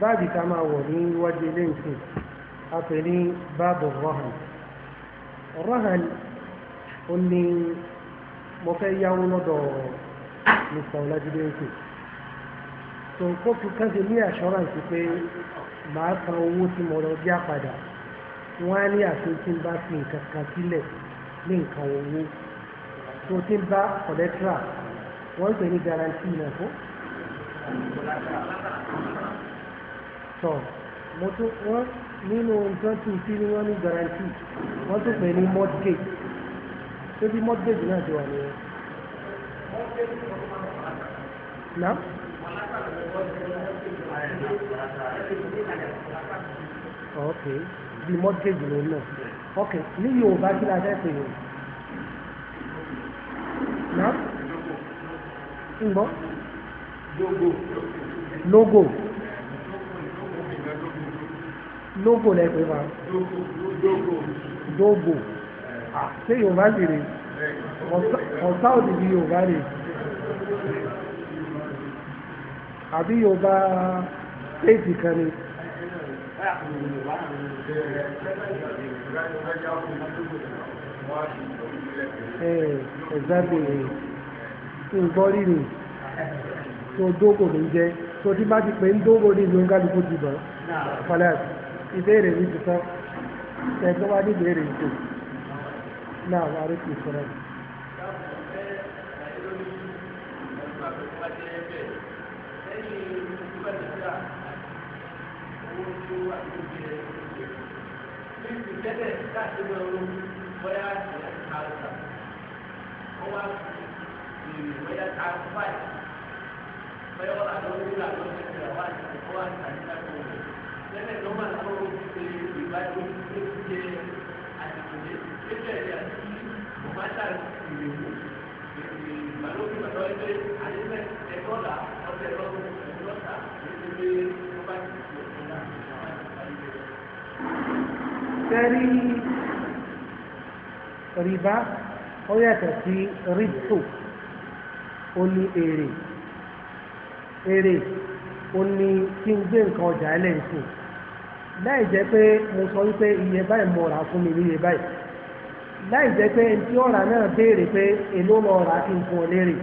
báàbì tá a máa wọ̀ ní iwájú ilé ìsìn a pè ní báàbù rọ́hàn rọ́hàn ó ní mo fẹ́ yáwó lọ́dọ̀ mr ọlájídé ìsìn so kófù kan ní assurance pé màá san owó tí mo lọ bí àpàdà wọn á ní àfihàn bá fi nǹkan kan sílẹ̀ ní nǹkan owó tó ti ń bá collateral wọ́n pè ní garanti náà fún. tọ́ mo tún wọ́n nínú nǹkan tún sí ni wọ́n ní garanti wọ́n tún pè ní mortgage ṣé bí mortgage náà ti wà nìyẹn. na. ok bí mortgage ló náà ok ní Yorùbá kí la fẹ́ pè é. na ńgbọ́ logo logo lẹ́pẹ́ ma dogo ṣé yorùbá sì rè ọ̀sá òdì bí yorùbá rè àbí yorùbá éèdì kan ni. Ẹ ẹ̀ ẹ̀ jáde rè. nǹkan n'i tó dógò ló ń jẹ́ tó tí bá ti pè ń dógò ní ìlú kálukú ti bọ̀ fọlẹ́ ìbéèrè mi ti sọ ẹ̀gbọ́n wa ní ìbéèrè ìtò náà wà Thank you. whether satisfied, whether what I don't do, I don't think that I want to go and satisfy for me. Then I don't want to go to the revival, to the jail, and to the jail, and to the matter of the remove. Ìgbàlódé ìgbàlódé ẹgbẹ́ àdéhùn ẹ̀kọ́là ọ̀sẹ̀ lọ́dún ẹ̀kọ́lọ́ta ẹgbẹ́ ọba ti ṣe ìṣẹ̀lá ìṣẹ̀lá ìṣẹ̀lá. Sẹ́rí rìbá ó yàtọ̀ sí rìbò ó ní èrè èrè ó ní kí n gbé nǹkan ọjà ẹlẹ́sìn láì jẹ́ pé mo sọ wípé iye báyìí mo rà fún mi ní iye báyìí láì jẹ́ pé tí ọ̀rà náà béèrè pé èló lọ rà kí n fún ọ lérè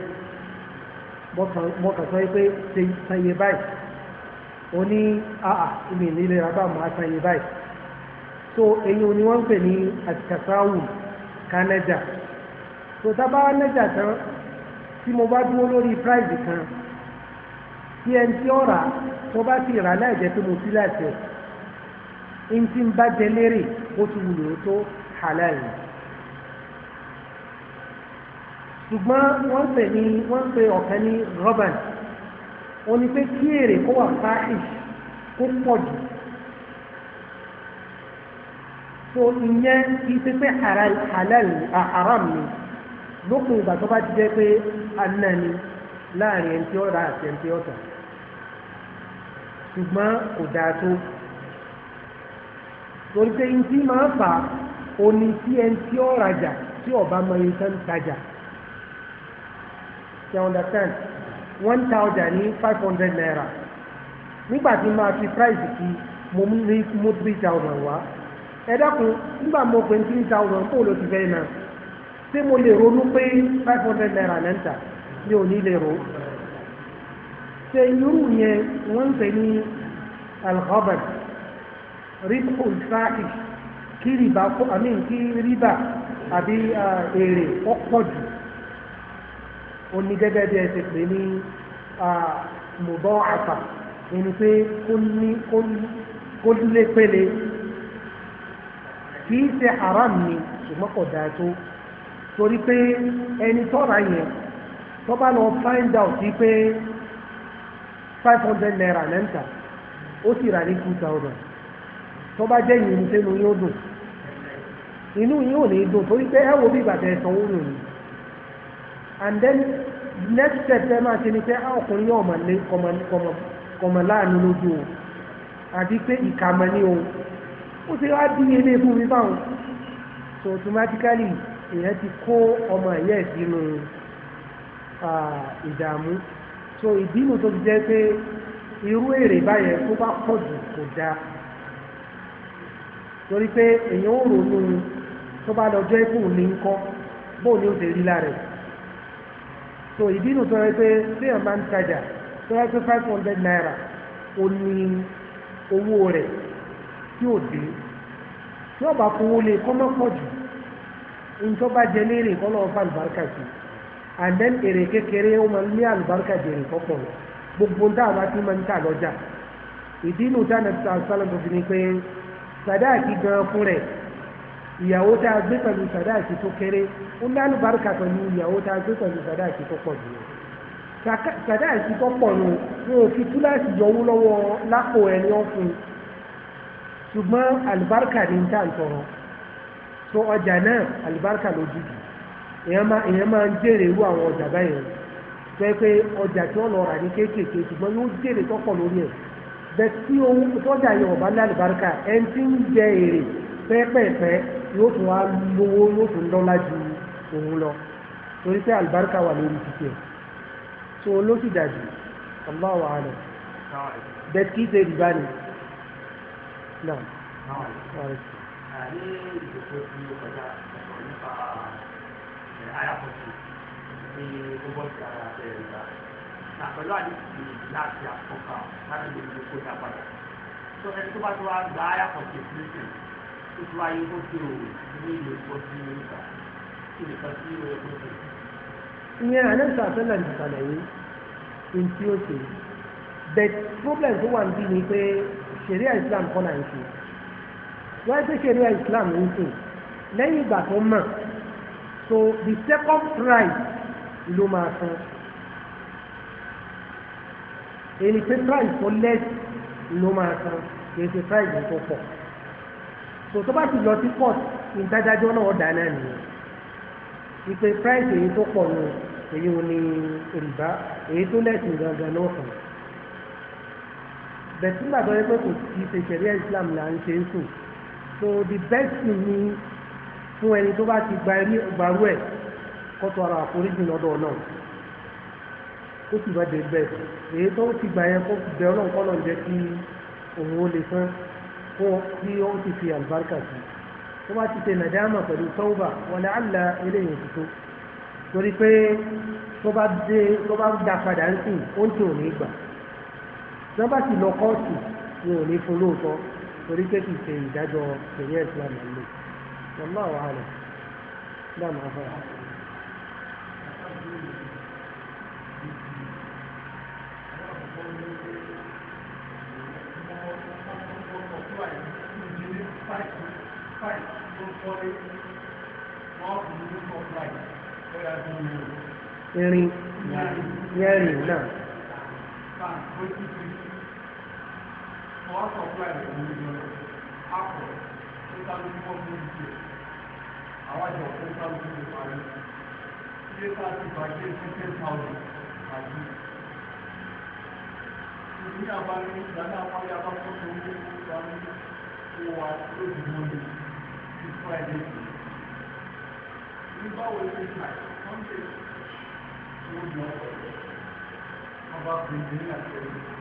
mo kàn sọ wípé san iye báyìí ó ní àà ìmì nílé rábà máa san iye báyìí so èyí ni wọ́n ń pè ní àtìkàsáwù kánájà so tá bá nájà tán tí mo bá dúró lórí price kan tí ẹni tí ó rà tó bá ti rà láì jẹ́ pé mo fi láti ẹ̀ ń tí ń bá jẹ lérè ó ti wù lóò tó halal ṣùgbọ́n wọ́n pè ní wọ́n pè ọ̀kan ní rọ́bàn ó ní pé kí èrè kó wà fáìs kó pọ̀ jù so ìyẹn kì í pé halal ni lókun ìgbà tó bá ti jẹ́ pé anani láàrin ẹni tí ó ra àti ẹni tí ó tà ṣùgbọ́n kò dáa tó torí pé ní tí máa fà á òní tí ẹni tí ó rajà tí ọba mọ iye tó ń tajà ṣe understand one thousand ní five hundred naira nígbà tí máa fi price kí mo ní mo three thousand wá ẹ dákun nígbà mo pe three thousand kó o lọ ti fẹ́ náà ṣé mo lè ronú pé five hundred naira lẹ́ńtà mi ò ní lè ro ṣe irú yẹn wọ́n ń pè ní alhobert ripple traffic kí rìbá kó àmì kí rìbá àbí èrè ọ̀pọ̀ jù ó ní gẹ́gẹ́ bí ẹ ti pè ní mọ̀bọ́ àpà ẹni pé kó ní kó lé pélé kì í ṣe haram ni ṣùgbọ́n kò dáa tó torí pé ẹni tọ́ra yẹn tó bá lọ find out yìí pé five hundred naira lẹ́ńtà ó sì rà ní two thousand tó bá jẹ́ ìrìn sẹ́nu yóò dùn inú yìí ò ní dùn torí pé ẹ wo bí ìgbà tẹ̀ sanwó nù yìí and then next step ẹ máa ṣe ni pé ọkùnrin yóò mọ̀ lé kọmọ láàánú lójú o àbí pé ìkàmọ́ ní o ó ti wá bí ilé fún mi báwọn so automatically èèyàn ti kó ọmọ ẹ̀yẹ́ ìdínú ìdààmú so ìdínú tó ti jẹ́ pé irú èrè báyẹn tó bá pọ̀ jù kò dáa torí pé èèyàn ò ronú tó bá lọ jẹ́ kó ń kọ́ bóun ni ó ti rí lára ẹ̀ so ìdínú tó yẹ pé téèyàn bá ń tajà tó yẹ pé five hundred naira ó ní owó rẹ̀ tí ò dín tí ó bá fowó lé kọ́ mọ́ pọ̀ jù ntọ́ bá jẹ léèrè kọ́ lọ́wọ́ fún àlùbáríkà and then ereke kékeré ó máa ń ní àlùbáríkà jèrè kọ́pọ̀ lọ gbogbo ń dáhùn láti máa ń tà lọ́jà ìdí inú tá nàbí sàn sálọ̀ tó fi ni pé sàdáàkì gan fún rẹ̀ ìyàwó tá a gbé pẹ̀lú sàdáàkì tó kéré ó ní àlùbáríkà pẹ̀lú ìyàwó tá a gbé pẹ̀lú sàdáàkì tó pọ̀ jùlọ sàdáàkì tó pọ̀ lọ wọn fi túláàsì yọwó lọ́wọ́ lápò ẹni ọ̀fun ṣùgbọ́n àlùbáríkà ní ń tà ń tọrọ so ọjà náà àlùbáríkà ló dìdì èèyàn máa ń jèrè irú àwọn ọjà báyìí tó yẹ pé ọjà tí wọ́n lọ rà ní kéékèèké ṣùgbọ́n yóò jèrè tọ́pọ̀ lórí ẹ̀ bẹ́ẹ̀ tí ohun tọ́jà yẹn ọ̀bá ní àlùbáríkà ẹni tí ń jẹ èrè pẹ́ẹ́pẹ́ẹ́pẹ́ yóò tún wá lówó yóò tún lọ́lá ju òun lọ torí pé àlùbáríkà wà lórí títì ẹ̀ so ló sì dàjú ọlọ́wọ́ àlọ́ bẹ́ẹ̀ kí ṣe ìdìbò náà ní ìdòkó tí ó kọjá ọ̀pọ̀ nípa arákùnrin ní gbogbo ti ara abẹ́rẹ́ rẹ̀ ta pẹ̀lú àdìsí láti àkọ́kọ́ láti lè ní kó dá padà tó ẹni tó bá tó wá gba arákùnrin tuntun tó tó wáyé kó tó ní ìdòkó tí ó gbà kí nìkan tí ó yẹ kó ìyẹn àlẹ́sà ń sàlàyé ní tí ó ṣe bẹ́ẹ̀ problem tó wà níbí ni pé ṣẹ̀ríà Islam kọ́ náà ń wọ́n ti ṣe ní islam ń sìn lẹ́yìn ìgbà tó mọ̀ so the second price ló máa san èyí pé price tó less ló máa san kì ṣe price tó pọ̀ so tó bá ti lọ sí court ìdájọ́ náà ọ̀dà náà nìyẹn ìpè price èyí tó pọ̀ nù èyí ò ní rìbá èyí tó less gangan náà kàn bẹ̀tùmọ̀ àtọ́yẹ́pẹ́ kò ti ṣe ṣẹ̀ríà islam là ń ṣe ń sùn so the best thing ni fún ẹni tó bá ti gba ẹni gbàrú ẹ kó tó ara àforíjì lọ́dọ̀ náà ó sì bá dé bẹ́ẹ̀ èyí tó ti gbà yẹn kó bẹ ọlọ́run kọ́ náà jẹ́ kí òun ó lè san fún bí ó ti fi àlùbáríkà sí tó bá ti ṣe nàdáàmà pẹ̀lú tọ́wọ́bà wọlé àlà eléyìí tuntun torí pé tó bá dé tó bá da padà ń sìn ó ń tì ò ní gbà tó bá sì lọ kọ́ọ̀tù ni ò ní fún lóòótọ́ torí pé kì í ṣe ìdájọ́ ṣẹ̀rí islam lò wàlá wàhálà náà máa fà. irin yẹrin náà. So I supply the religion after total community. Àwọn àjọ total community parí. Ilé tàbí bàjẹ́ fifteen thousand àti ìdí àbárí ìdáná àpárí abákòókò owó ìdáná owó wa lójú mọ́lẹ̀ ní Friday. Nígbà wo ni ìgbà Sunday owó ìdáná ọba pèsè ní àtẹ̀wé.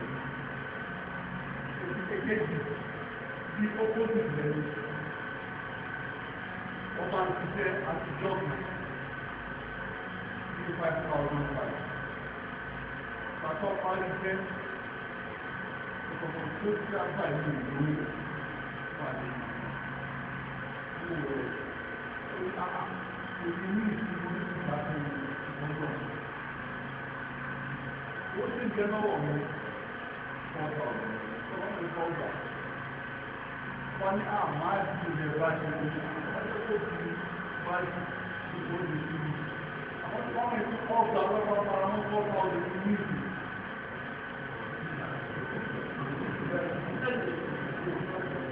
èkejì bí ókó ti bẹ̀rẹ̀ ó máa ń ṣiṣẹ́ five thousand five pàtó parí jẹ́ ìkọ̀kọ̀ tó ti àgbà ìlú ìlú pàdé ìlú rẹ̀ ó yá èyí ah, ah, ní ìsinmi nípa ìgbọ́dọ̀ ó sì jẹ́ lọ́wọ́ mi fọ́tọ̀ ọ̀rọ̀ wọ́n ní àmà àti ilẹ̀ bá ti rí ọjọ́ tó ti bá ti ti ó lè fi rí àwọn tó wọ́n ti kọ́ ọ̀gá lọ́pọ̀ para wọn kọ́ ọ̀gá lè fi rí rí.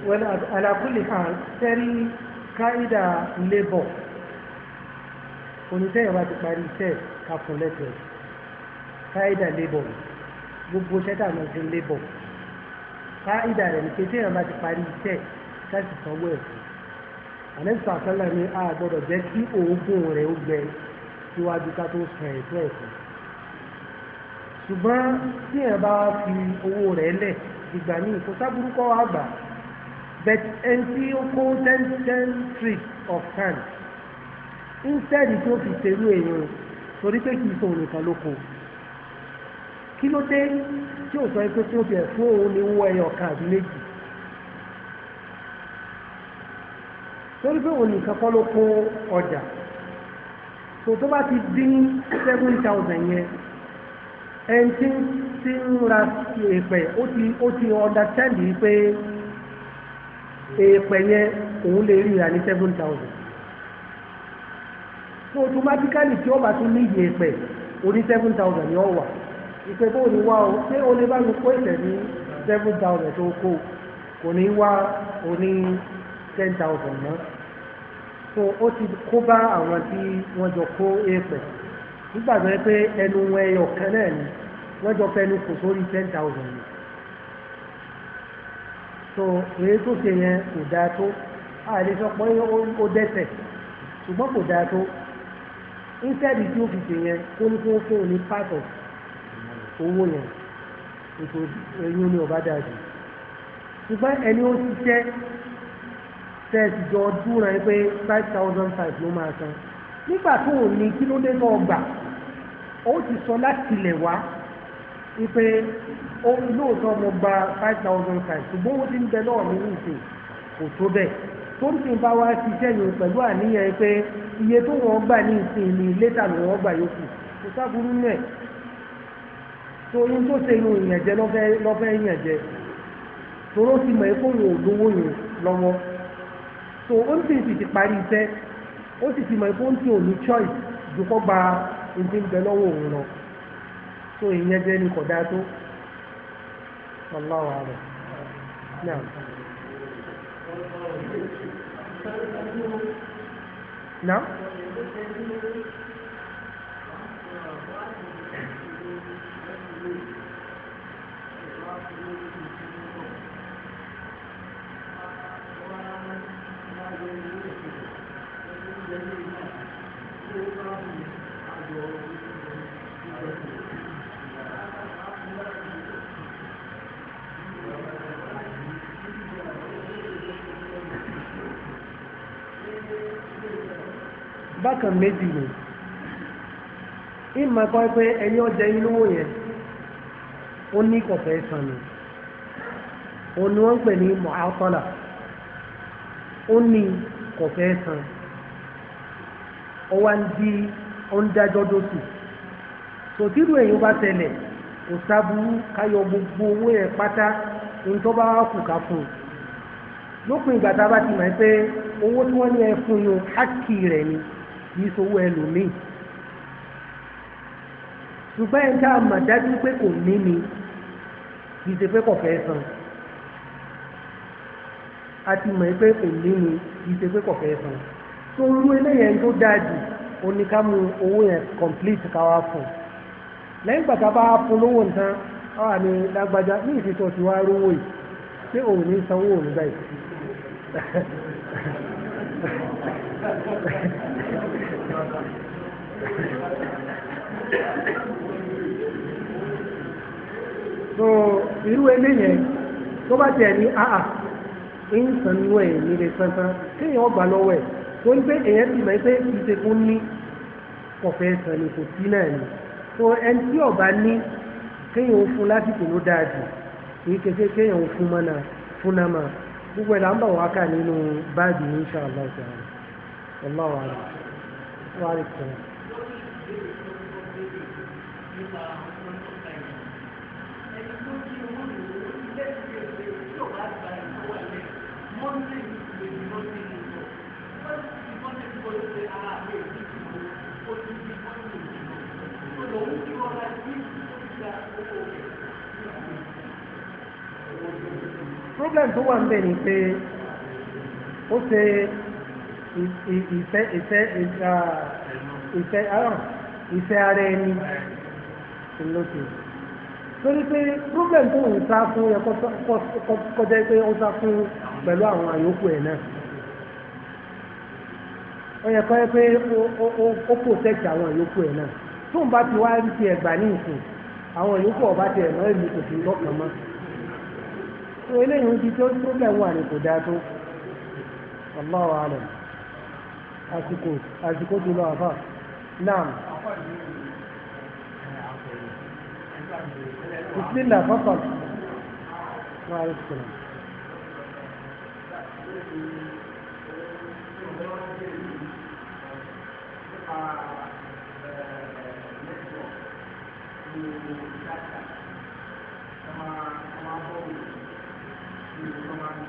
wọ́n alákùnlé hàn sẹ́rí káìdà lébọ̀ oníṣẹ́yìn bá ti parí iṣẹ́ káfọ́ lẹ́tọ̀ọ́ káìdà lébọ̀ gbogbo ṣẹ́tà náà ti lébọ̀ káàdà rẹ̀ ní kété ìrànlá ti parí iṣẹ́ káàsì sanwó ẹ̀fọ́ àlẹ́sà sọ́lá ni a gbọ́dọ̀ jẹ́ kí oògùn rẹ̀ ó gbẹ síwájú ká tó san ẹ̀fọ́ ẹ̀fọ́ ṣùgbọ́n tí ẹ̀ bá fi owó rẹ̀ lẹ̀ ìgbà míì kò sábúrú kọ́ wá gbà but ẹni tí ó kó ten ten trips of hand instead tó fi ṣerú èèyàn torí pé kì í sọ òun nìkan ló kó kí ló dé tí ò sọ pé tí ó bẹ̀ fún òun ní owó ẹyọ kan àbí méjì torí pé òun nìkan kọ́ ló kó ọjà tó tó bá ti dín seven thousand yẹn ẹni tí ti ń ra èèpẹ̀ ó ti ó ti understand yìí pé èèpẹ̀ yẹn òun lè rí ra ní seven thousand so automatically tí ó bá tún ní èèpẹ̀ oní seven thousand yóò wà ìpè bó ni wá o ṣé o lè bá mi kó ìtẹ̀ ní seven thousand tó kó kò ní wá o ní ten thousand mọ́ so ó ti kó bá àwọn tí wọ́n jọ kó èèpẹ̀ nígbà tó yẹ pé ẹnu wọn ẹyọ kan náà ni wọ́n jọ fẹnu kò sórí ten thousand ni so èyí tó ṣe yẹn kò dáa tó àìlè sọ pé ó dẹ́ṣẹ̀ ṣùgbọ́n kò dáa tó instead tí ó fi ṣe yẹn kó ní kó fún un ní part of owó yẹn ètò ẹ̀yìn omi ọba dàbí ṣùgbọ́n ẹni ó ṣiṣẹ́ tẹ́ẹ̀sì jọ dúró ẹ pé five thousand five ló máa san nígbà tó ò ní kí ló dé náà gbà ó ti sọ láti ilẹ̀ wá wípé ó lóòótọ́ mo gba five thousand five ṣùgbọ́n ó ti ń bẹ náà ní ìsìn kò tó bẹ́ẹ̀ tó ń sìn bá wá ṣiṣẹ́ yìí pẹ̀lú àníyàn pé iye tó wọ́n gbà ní ìsìn ní lẹ́tà ni wọ́n gbà yókù kò sábúrú náà tó yín tó ṣe yín ìyànjẹ lọ́fẹ́ ìyànjẹ tòró ti mọ̀ ẹ́kọ́ yóò lówó yẹn lọ́wọ́ tó ó ń tètè ti parí iṣẹ́ ó sì ti mọ̀ ẹ́kọ́ ń tì òní choice ju kọ́ gba ìdí ń bẹ lọ́wọ́ òun lọ tó ìyànjẹ ni kò dáa tó ọlọ́wọ́ rẹ̀ náà. Now? bákan méjì lò ìmọ̀ ẹ̀kọ́ pé ẹni ọjà yín lówó yẹn ó ní kọ̀fẹ́ sànù ni wọ́n ó ní kò fẹ́ san ó wá ń di ó ń dájọ́ dóṣù sòtírù èyí bá tẹlẹ̀ kò sábúrú káyọ gbogbo owó ẹ̀ pátá nǹkan bá wà kù ká fún un lópin ìgbà tá a bá ti mọ̀ pé owó tí wọ́n ní ẹ fún yín hákì rẹ̀ ni kì í sowó ẹlòmíì ṣùgbọ́n ẹ̀ka àmọ̀dájú pé kò ní ni kì í ṣe pé kò fẹ́ san a ti mọ̀ pé èlé ni kì í ṣe pé kọ̀fẹ́ san tó irú eléyẹn tó dáa jù ó ní ká owó yẹn complete ká wá fún lẹ́yìn gbàtà bá fún lówó nǹkan ọ̀rà ni lágbájá ní ìfisọ̀ tí wàá rówó yìí pé òun ní sanwó òun báyìí so irú eléyẹn tó bá tẹ̀ ní àà. Ah, ah, ń sàn nínú ẹ̀ nílé sánsán kéèyàn ọgbà lọ́wọ́ ẹ̀ wọ́n ní pé èèyàn ti mọ̀ pé kì í ní kọ̀fẹ́ sàn ní kò sí náà ni so ẹni tí ọba ní kéèyàn ó fún lásìkò ló dáa jù kì í ṣe kéèyàn ó fún mọ́nà fún náà mà gbogbo ẹ̀ là ń bọ̀ wá kà nínú báàgì ní sàlọ́ ìjọba ọlọ́wàá rẹ̀ wá kan. problem tó wà ń bẹ̀ ni pé ó ṣe ìfẹ́ ìfẹ́ ìfẹ́ ìfẹ́ ah, ara ẹni lókè torí pé problem tó ń sá fún yẹ kọjá pé ó sá fún pẹ̀lú àwọn àyókù ẹ̀ náà ó yẹ kọ́ pé ó protect àwọn àyókù ẹ̀ náà tó ń bá ti wá rí ti ẹ̀gbà ní ìsìn àwọn àyókù ọ̀bá ti ẹ̀ mọ́ èmi kò sí lọ́kàn mọ́ tó eléyìí ibi tó tó lẹ́wọ̀n àrè kò dáa tó Allahu alam àsìkò àsìkò tó lọ àfà naam bisimilá fọ́fọ́ wàá Thank you.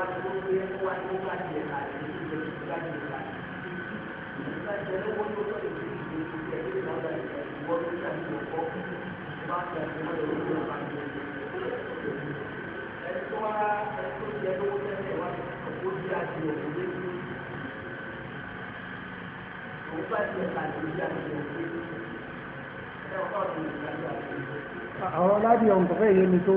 àwọn aládìyàn kò fẹ́ yé mi tó.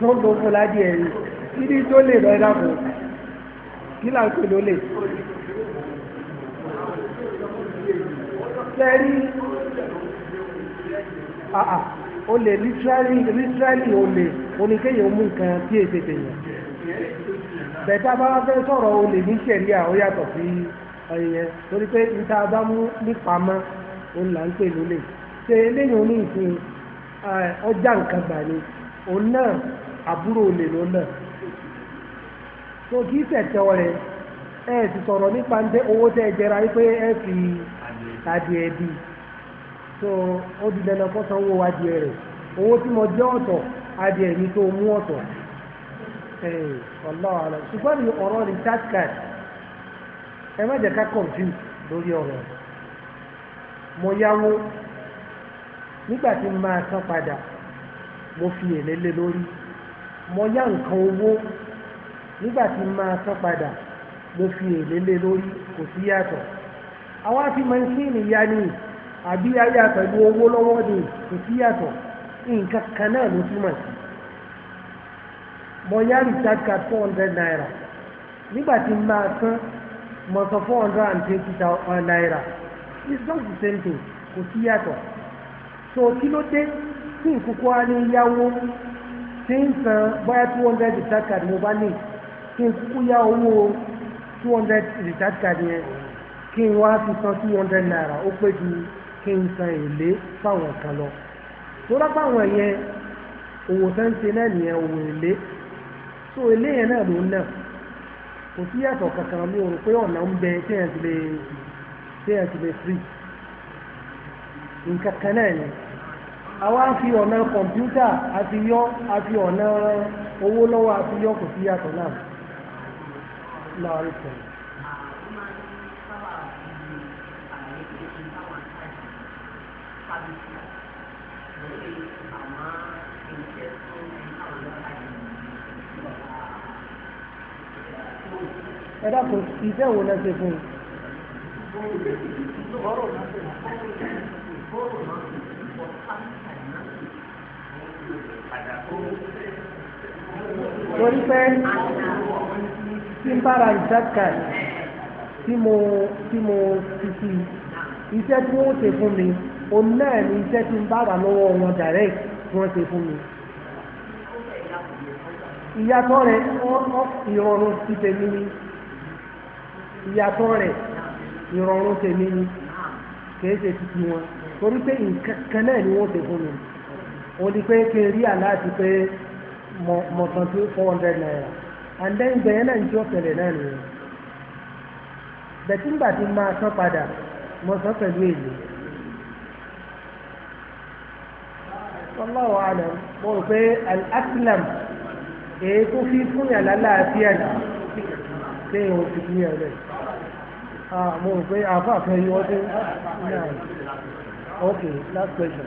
tó ń lo fúládìí ẹ̀rí kíní tó lè lọ ẹ̀dá fún kí là ń pè ló lè. sẹ́rí o lè literally o lè oníkéyìn mú nǹkan tí èsè tèèyàn bẹ̀tà bá wá fẹ́ sọ̀rọ̀ o lè ní sẹ̀ríà ó yàtọ̀ sí ẹ̀yẹ torí pé níta bá mú nípamọ́ òun là ń pè ló lè ṣe eléyìí oní ìsìn ọjà nǹkan gbà ni òun náà àbúrò olè ló náà so kì í tẹ̀tẹ̀ rẹ̀ ẹ sì sọ̀rọ̀ nípa owó tẹ́ ẹ jẹra wípé ẹ fi adìẹ so ó di dandan kó sanwó adìẹ rẹ̀ owó tí mo jẹ́ ọ̀tọ̀ adìẹ mi tó mú ọ̀tọ̀ ẹ ṣùgbọ́n ní ọ̀rọ̀ ní ẹ mo yáwó nígbà tí mo mo fi èlé lé lórí. mo yá nǹkan owó nígbà tí máa san padà ló fi èlé lé lórí kò sí yàtọ̀ àwa fi mọ́ńsíìnì ya ni àbí ayá pẹ̀lú owó lọ́wọ́ ni kò sí yàtọ̀ nǹkan kan náà ló túmọ̀ sí mo yá recharge card four hundred naira nígbà tí máa san mo san four hundred and twenty thousand uh, naira it's not the same thing kò sí yàtọ̀ so kí ló dé tí ìkókó á ní yáwó tí ń san bóyá two hundred recharge card mo bá ní kí n kúkú yá owó two hundred recharge card yẹn kí n wá fi san two hundred naira ó pé ju kí n san èlé fáwọn kan lọ tó lápá àwọn yẹn òwò sẹ́ńtì náà nìyẹn òwò èlé so èlé yẹn náà ló ń náà kò sí yàtọ̀ kankan mi ò rò pé ọ̀nà ń bẹ téèyàn ti lè téèyàn ti lè free nǹkan kan náà ni àwa ń fi ọ̀nà kọ̀mpútà àti yọ àti ọ̀nà owó lọ́wọ́ àti yọ kò sí yàtọ̀ náà láàárín kan. ẹ dákun iṣẹ́ wo lẹ ṣe fún un. torí pé tí n bára ìdáka tí mo tí mo ti fi iṣẹ́ tí wọ́n ṣe fún mi òun náà ni iṣẹ́ tí n bára lọ́wọ́ wọn direct tí wọ́n ṣe fún mi. ìyàtọ̀ rẹ̀ ìrọ̀rùn ti tèmi ni ìyàtọ̀ rẹ̀ ìrọ̀rùn tèmi ni kì í ṣe titi wọn torí pé nǹkan náà ni wọ́n ṣe fún mi òun ni pé kí n rí àláàtì pé mo san tó four hundred naira and then gbẹ̀yẹ́ náà ń jó tẹ̀lé náà nìyẹn bẹ̀tí ńgbà tí máa san padà mo san pẹ̀lú èlé wọ́láwọ́ àná mo rò pé al-aslam èyí tó fi fún yàrá láàbíà nà ṣé òun ti fi yàrá rẹ̀ ah, mo rò pé àbá àfẹ́ yìí wọ́n ti ń ah, náà okay last question.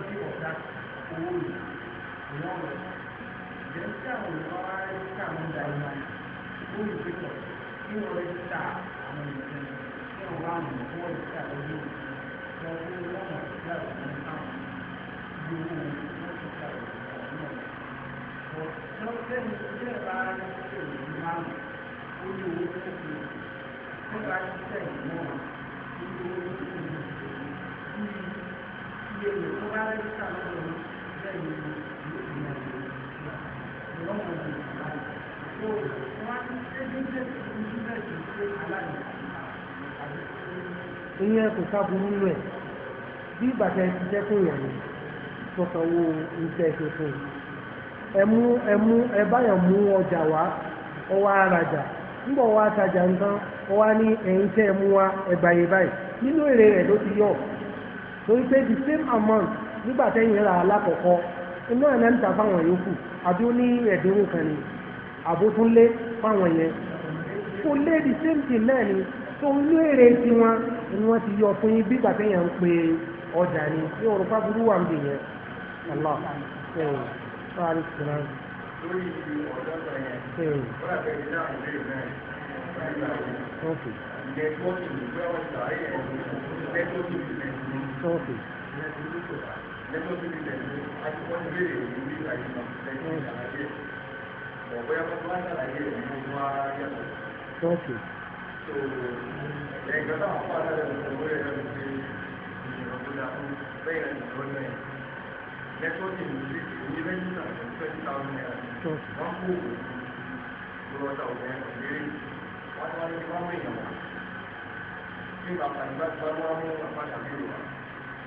bọ́dí ọ̀dà owó yìí ìwọ̀n rẹ̀ ìyẹn tí àwọn olùkọ́ wá rẹ̀ sí àwọn ọjà ìlà owó yìí pé kí wọ́n rẹ̀ ta àwọn ìlú kí wọ́n wá mọ̀ kí wọ́n rẹ̀ ta lójú sí lọ́nà ìgbà òun táwọn ìlú owó wọn ti ta òun náà lọ sẹ́ni ilé ẹ̀rọ ara ní ṣe òun máa ń ó ní owó tó ti ó bá ìlú ihe rẹ̀ tó bá rẹ̀ síta lọ́dọ̀ ní ọrụ ni ìlú ìlú ìlú ìlú ìlú ìlú ìyẹn kò sábúrú nù ẹ bí bàtà ẹ ti ni tọkàn wo iṣẹ́ ṣe torí pé the same amount nígbà tẹ́yìn ra alákọ̀ọ́kọ́ inú ẹ̀ náà ń ta fáwọn yòókù àbí ó ní ẹ̀dínwó kan ni àbótúnlé fáwọn yẹn kò lé the same thing náà ni tó ń lé èrè tiwọn ni wọ́n ti yọ fún yín bí ìgbà tẹ́yìn ń pe ọjà ni ní òrùn fábúrú wà ń bì yẹn Allah ṣe o sáré kìnnà. Okay ok. ok. ẹ̀gbọ́n náà wà lára ìṣòro rẹ̀ lọ́dún pé ìṣòro tó dáa fún bẹ́ẹ̀ ni ìṣòro náà nẹ́tíwọ́ọ̀tì ní ìwé rẹ́jísà fún twenty thousand naira wọ́n kó òwò lọ́wọ́ ọjà òbẹ́ òbẹ́rẹ́ wọ́n ti wá ní wọ́n mú ìyàwó nígbà pàṣípàṣípà wọ́n mú àpáta bí wọ́n.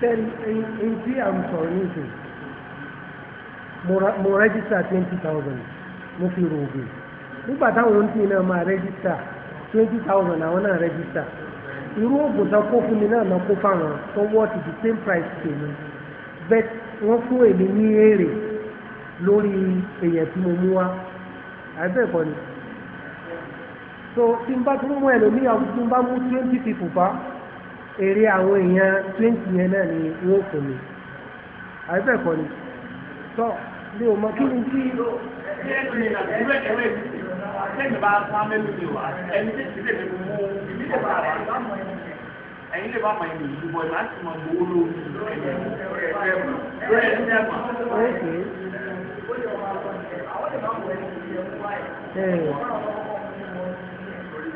Then ẹni tí à ń sọ̀rọ̀ ní ìsìn mo rẹ́gísítà twenty thousand mo fi rò ògùn nígbà táwọn ohun tí iná máa rẹ́gísítà twenty thousand àwọn náà rẹ́gísítà irú ògùn tán kó fún mi náà lọ kó fáwọn tó wọ́ ti the same price tèmi bẹ́ẹ̀ wọ́n fún èmi ní èrè lórí èèyàn tí mo mú wá àbẹ́ẹ̀kọ́ ni so tí n bá tún mú ẹlòmíì àwọn tí n bá mú twenty people pa èrè àwọn èèyàn twenty yẹn náà ni wọ́n kò ní àìbẹ́ẹ̀ kọ́ ni tọ́ mi ò mọ kí ni tí. Ẹ̀yin lè bá ma ẹni yìí bọ̀ é.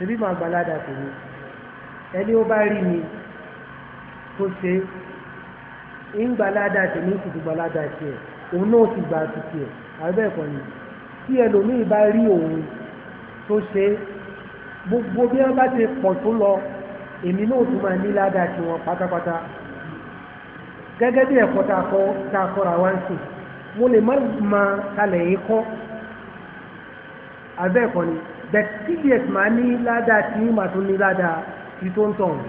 ṣebí màá gbalada tèmi ẹni ó bá rí mi kó ṣe ń gbalada tèmi sì ti gbalada tiẹ̀ òun náà ti gba ti tiẹ̀ àbẹ́ ni tí ẹlòmíì bá rí òun tó ṣe gbogbo bí wọ́n bá ti pọ̀ tó lọ èmi náà tún máa ní ládàá tiwọn pátápátá gẹ́gẹ́ bí ẹ̀kọ́ tá a kọ́ tá a kọ́ra wá ń sìn mo lè má ma kalẹ̀ yìí kọ́ abẹ́ ni That tbs máa ní ládàá tí yín máa tún ní ládàá tí tó ń tọ̀hún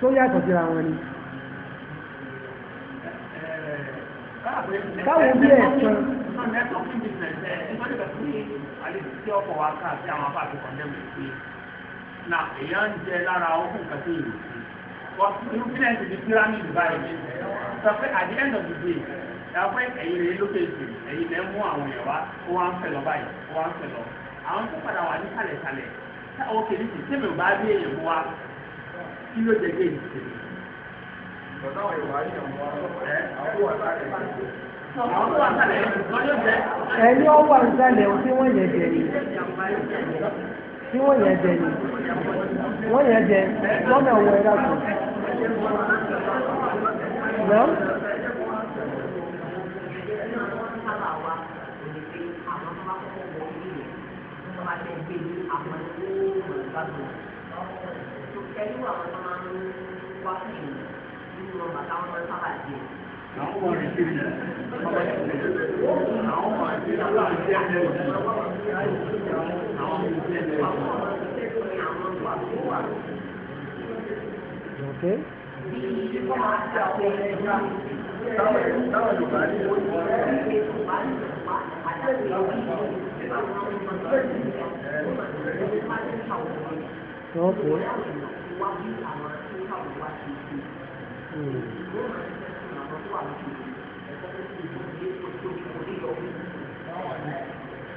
tó yàtọ̀ síra wọn ni. káwọn bí ẹ̀ sàn. na èèyàn ń jẹ lára ọkùnrin kan tó wọ́n ti ń fi ẹ̀sìn di pyramid báyìí sọ pé at the end dàpọ̀ ẹ̀yin lè lókè jù ẹ̀yin lè mú àwọn èèyàn wá kó wá ń fẹ́ lọ báyìí kó wá ń fẹ́ lọ àwọn tó padà wà ní kàlẹ̀kàlẹ̀ táwọn kìíní sì sẹ́mi ò bá rí èèyàn mú wa kí ló jẹ gé ìdíje. àwọn tó wà sálẹ̀ lọ́jọ́ jẹ́. ẹni ó wà sálẹ̀ tí wọ́n yẹn jẹ ni tí wọ́n yẹn jẹ ni wọ́n yẹn jẹ lọ́nà ọ̀wọ́ ẹ̀dá kan. àtẹ̀gbé àwọn tó mọ̀ ìbátan tó kẹ́lú àwọn tó máa ń wá sí ìlú nínú ọgbà táwọn máa ń sábà jẹ. Àwọn ọmọ rẹ̀ kiri ní ọmọ rẹ̀ kiri ní àwọn ọmọ rẹ̀ kiri ní àwọn ọmọ rẹ̀ kiri ní àwọn ọmọ rẹ̀ kiri ní àwọn ọmọ rẹ̀ kiri ní àwọn ọmọ rẹ̀ kiri ní àwọn ọmọ rẹ̀ kiri ní àwọn ọmọ rẹ̀ Bí wọ́n máa ń ṣe àwọn ẹgbẹ́ ìgbà, táwọn Yorùbá ní ìwé ìwọ̀n rẹ̀. Okay. Mm.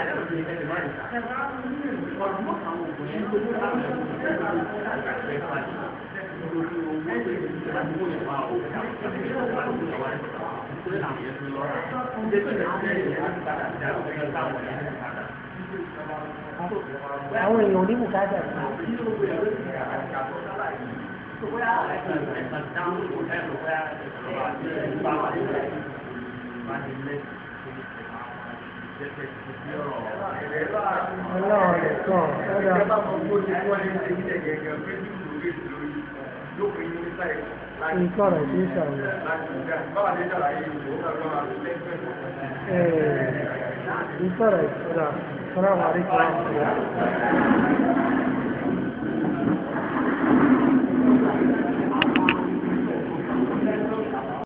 单位用的不干净。ọlọ́run rẹ̀ kọ́ ọ̀dà. ìjọba kan tó ti nǹkan rẹ̀ ti sàrò. nǹkan rẹ̀ sọ̀rọ̀ sọ̀rọ̀ àwọn àríkọ́ àwọn ọ̀rẹ́.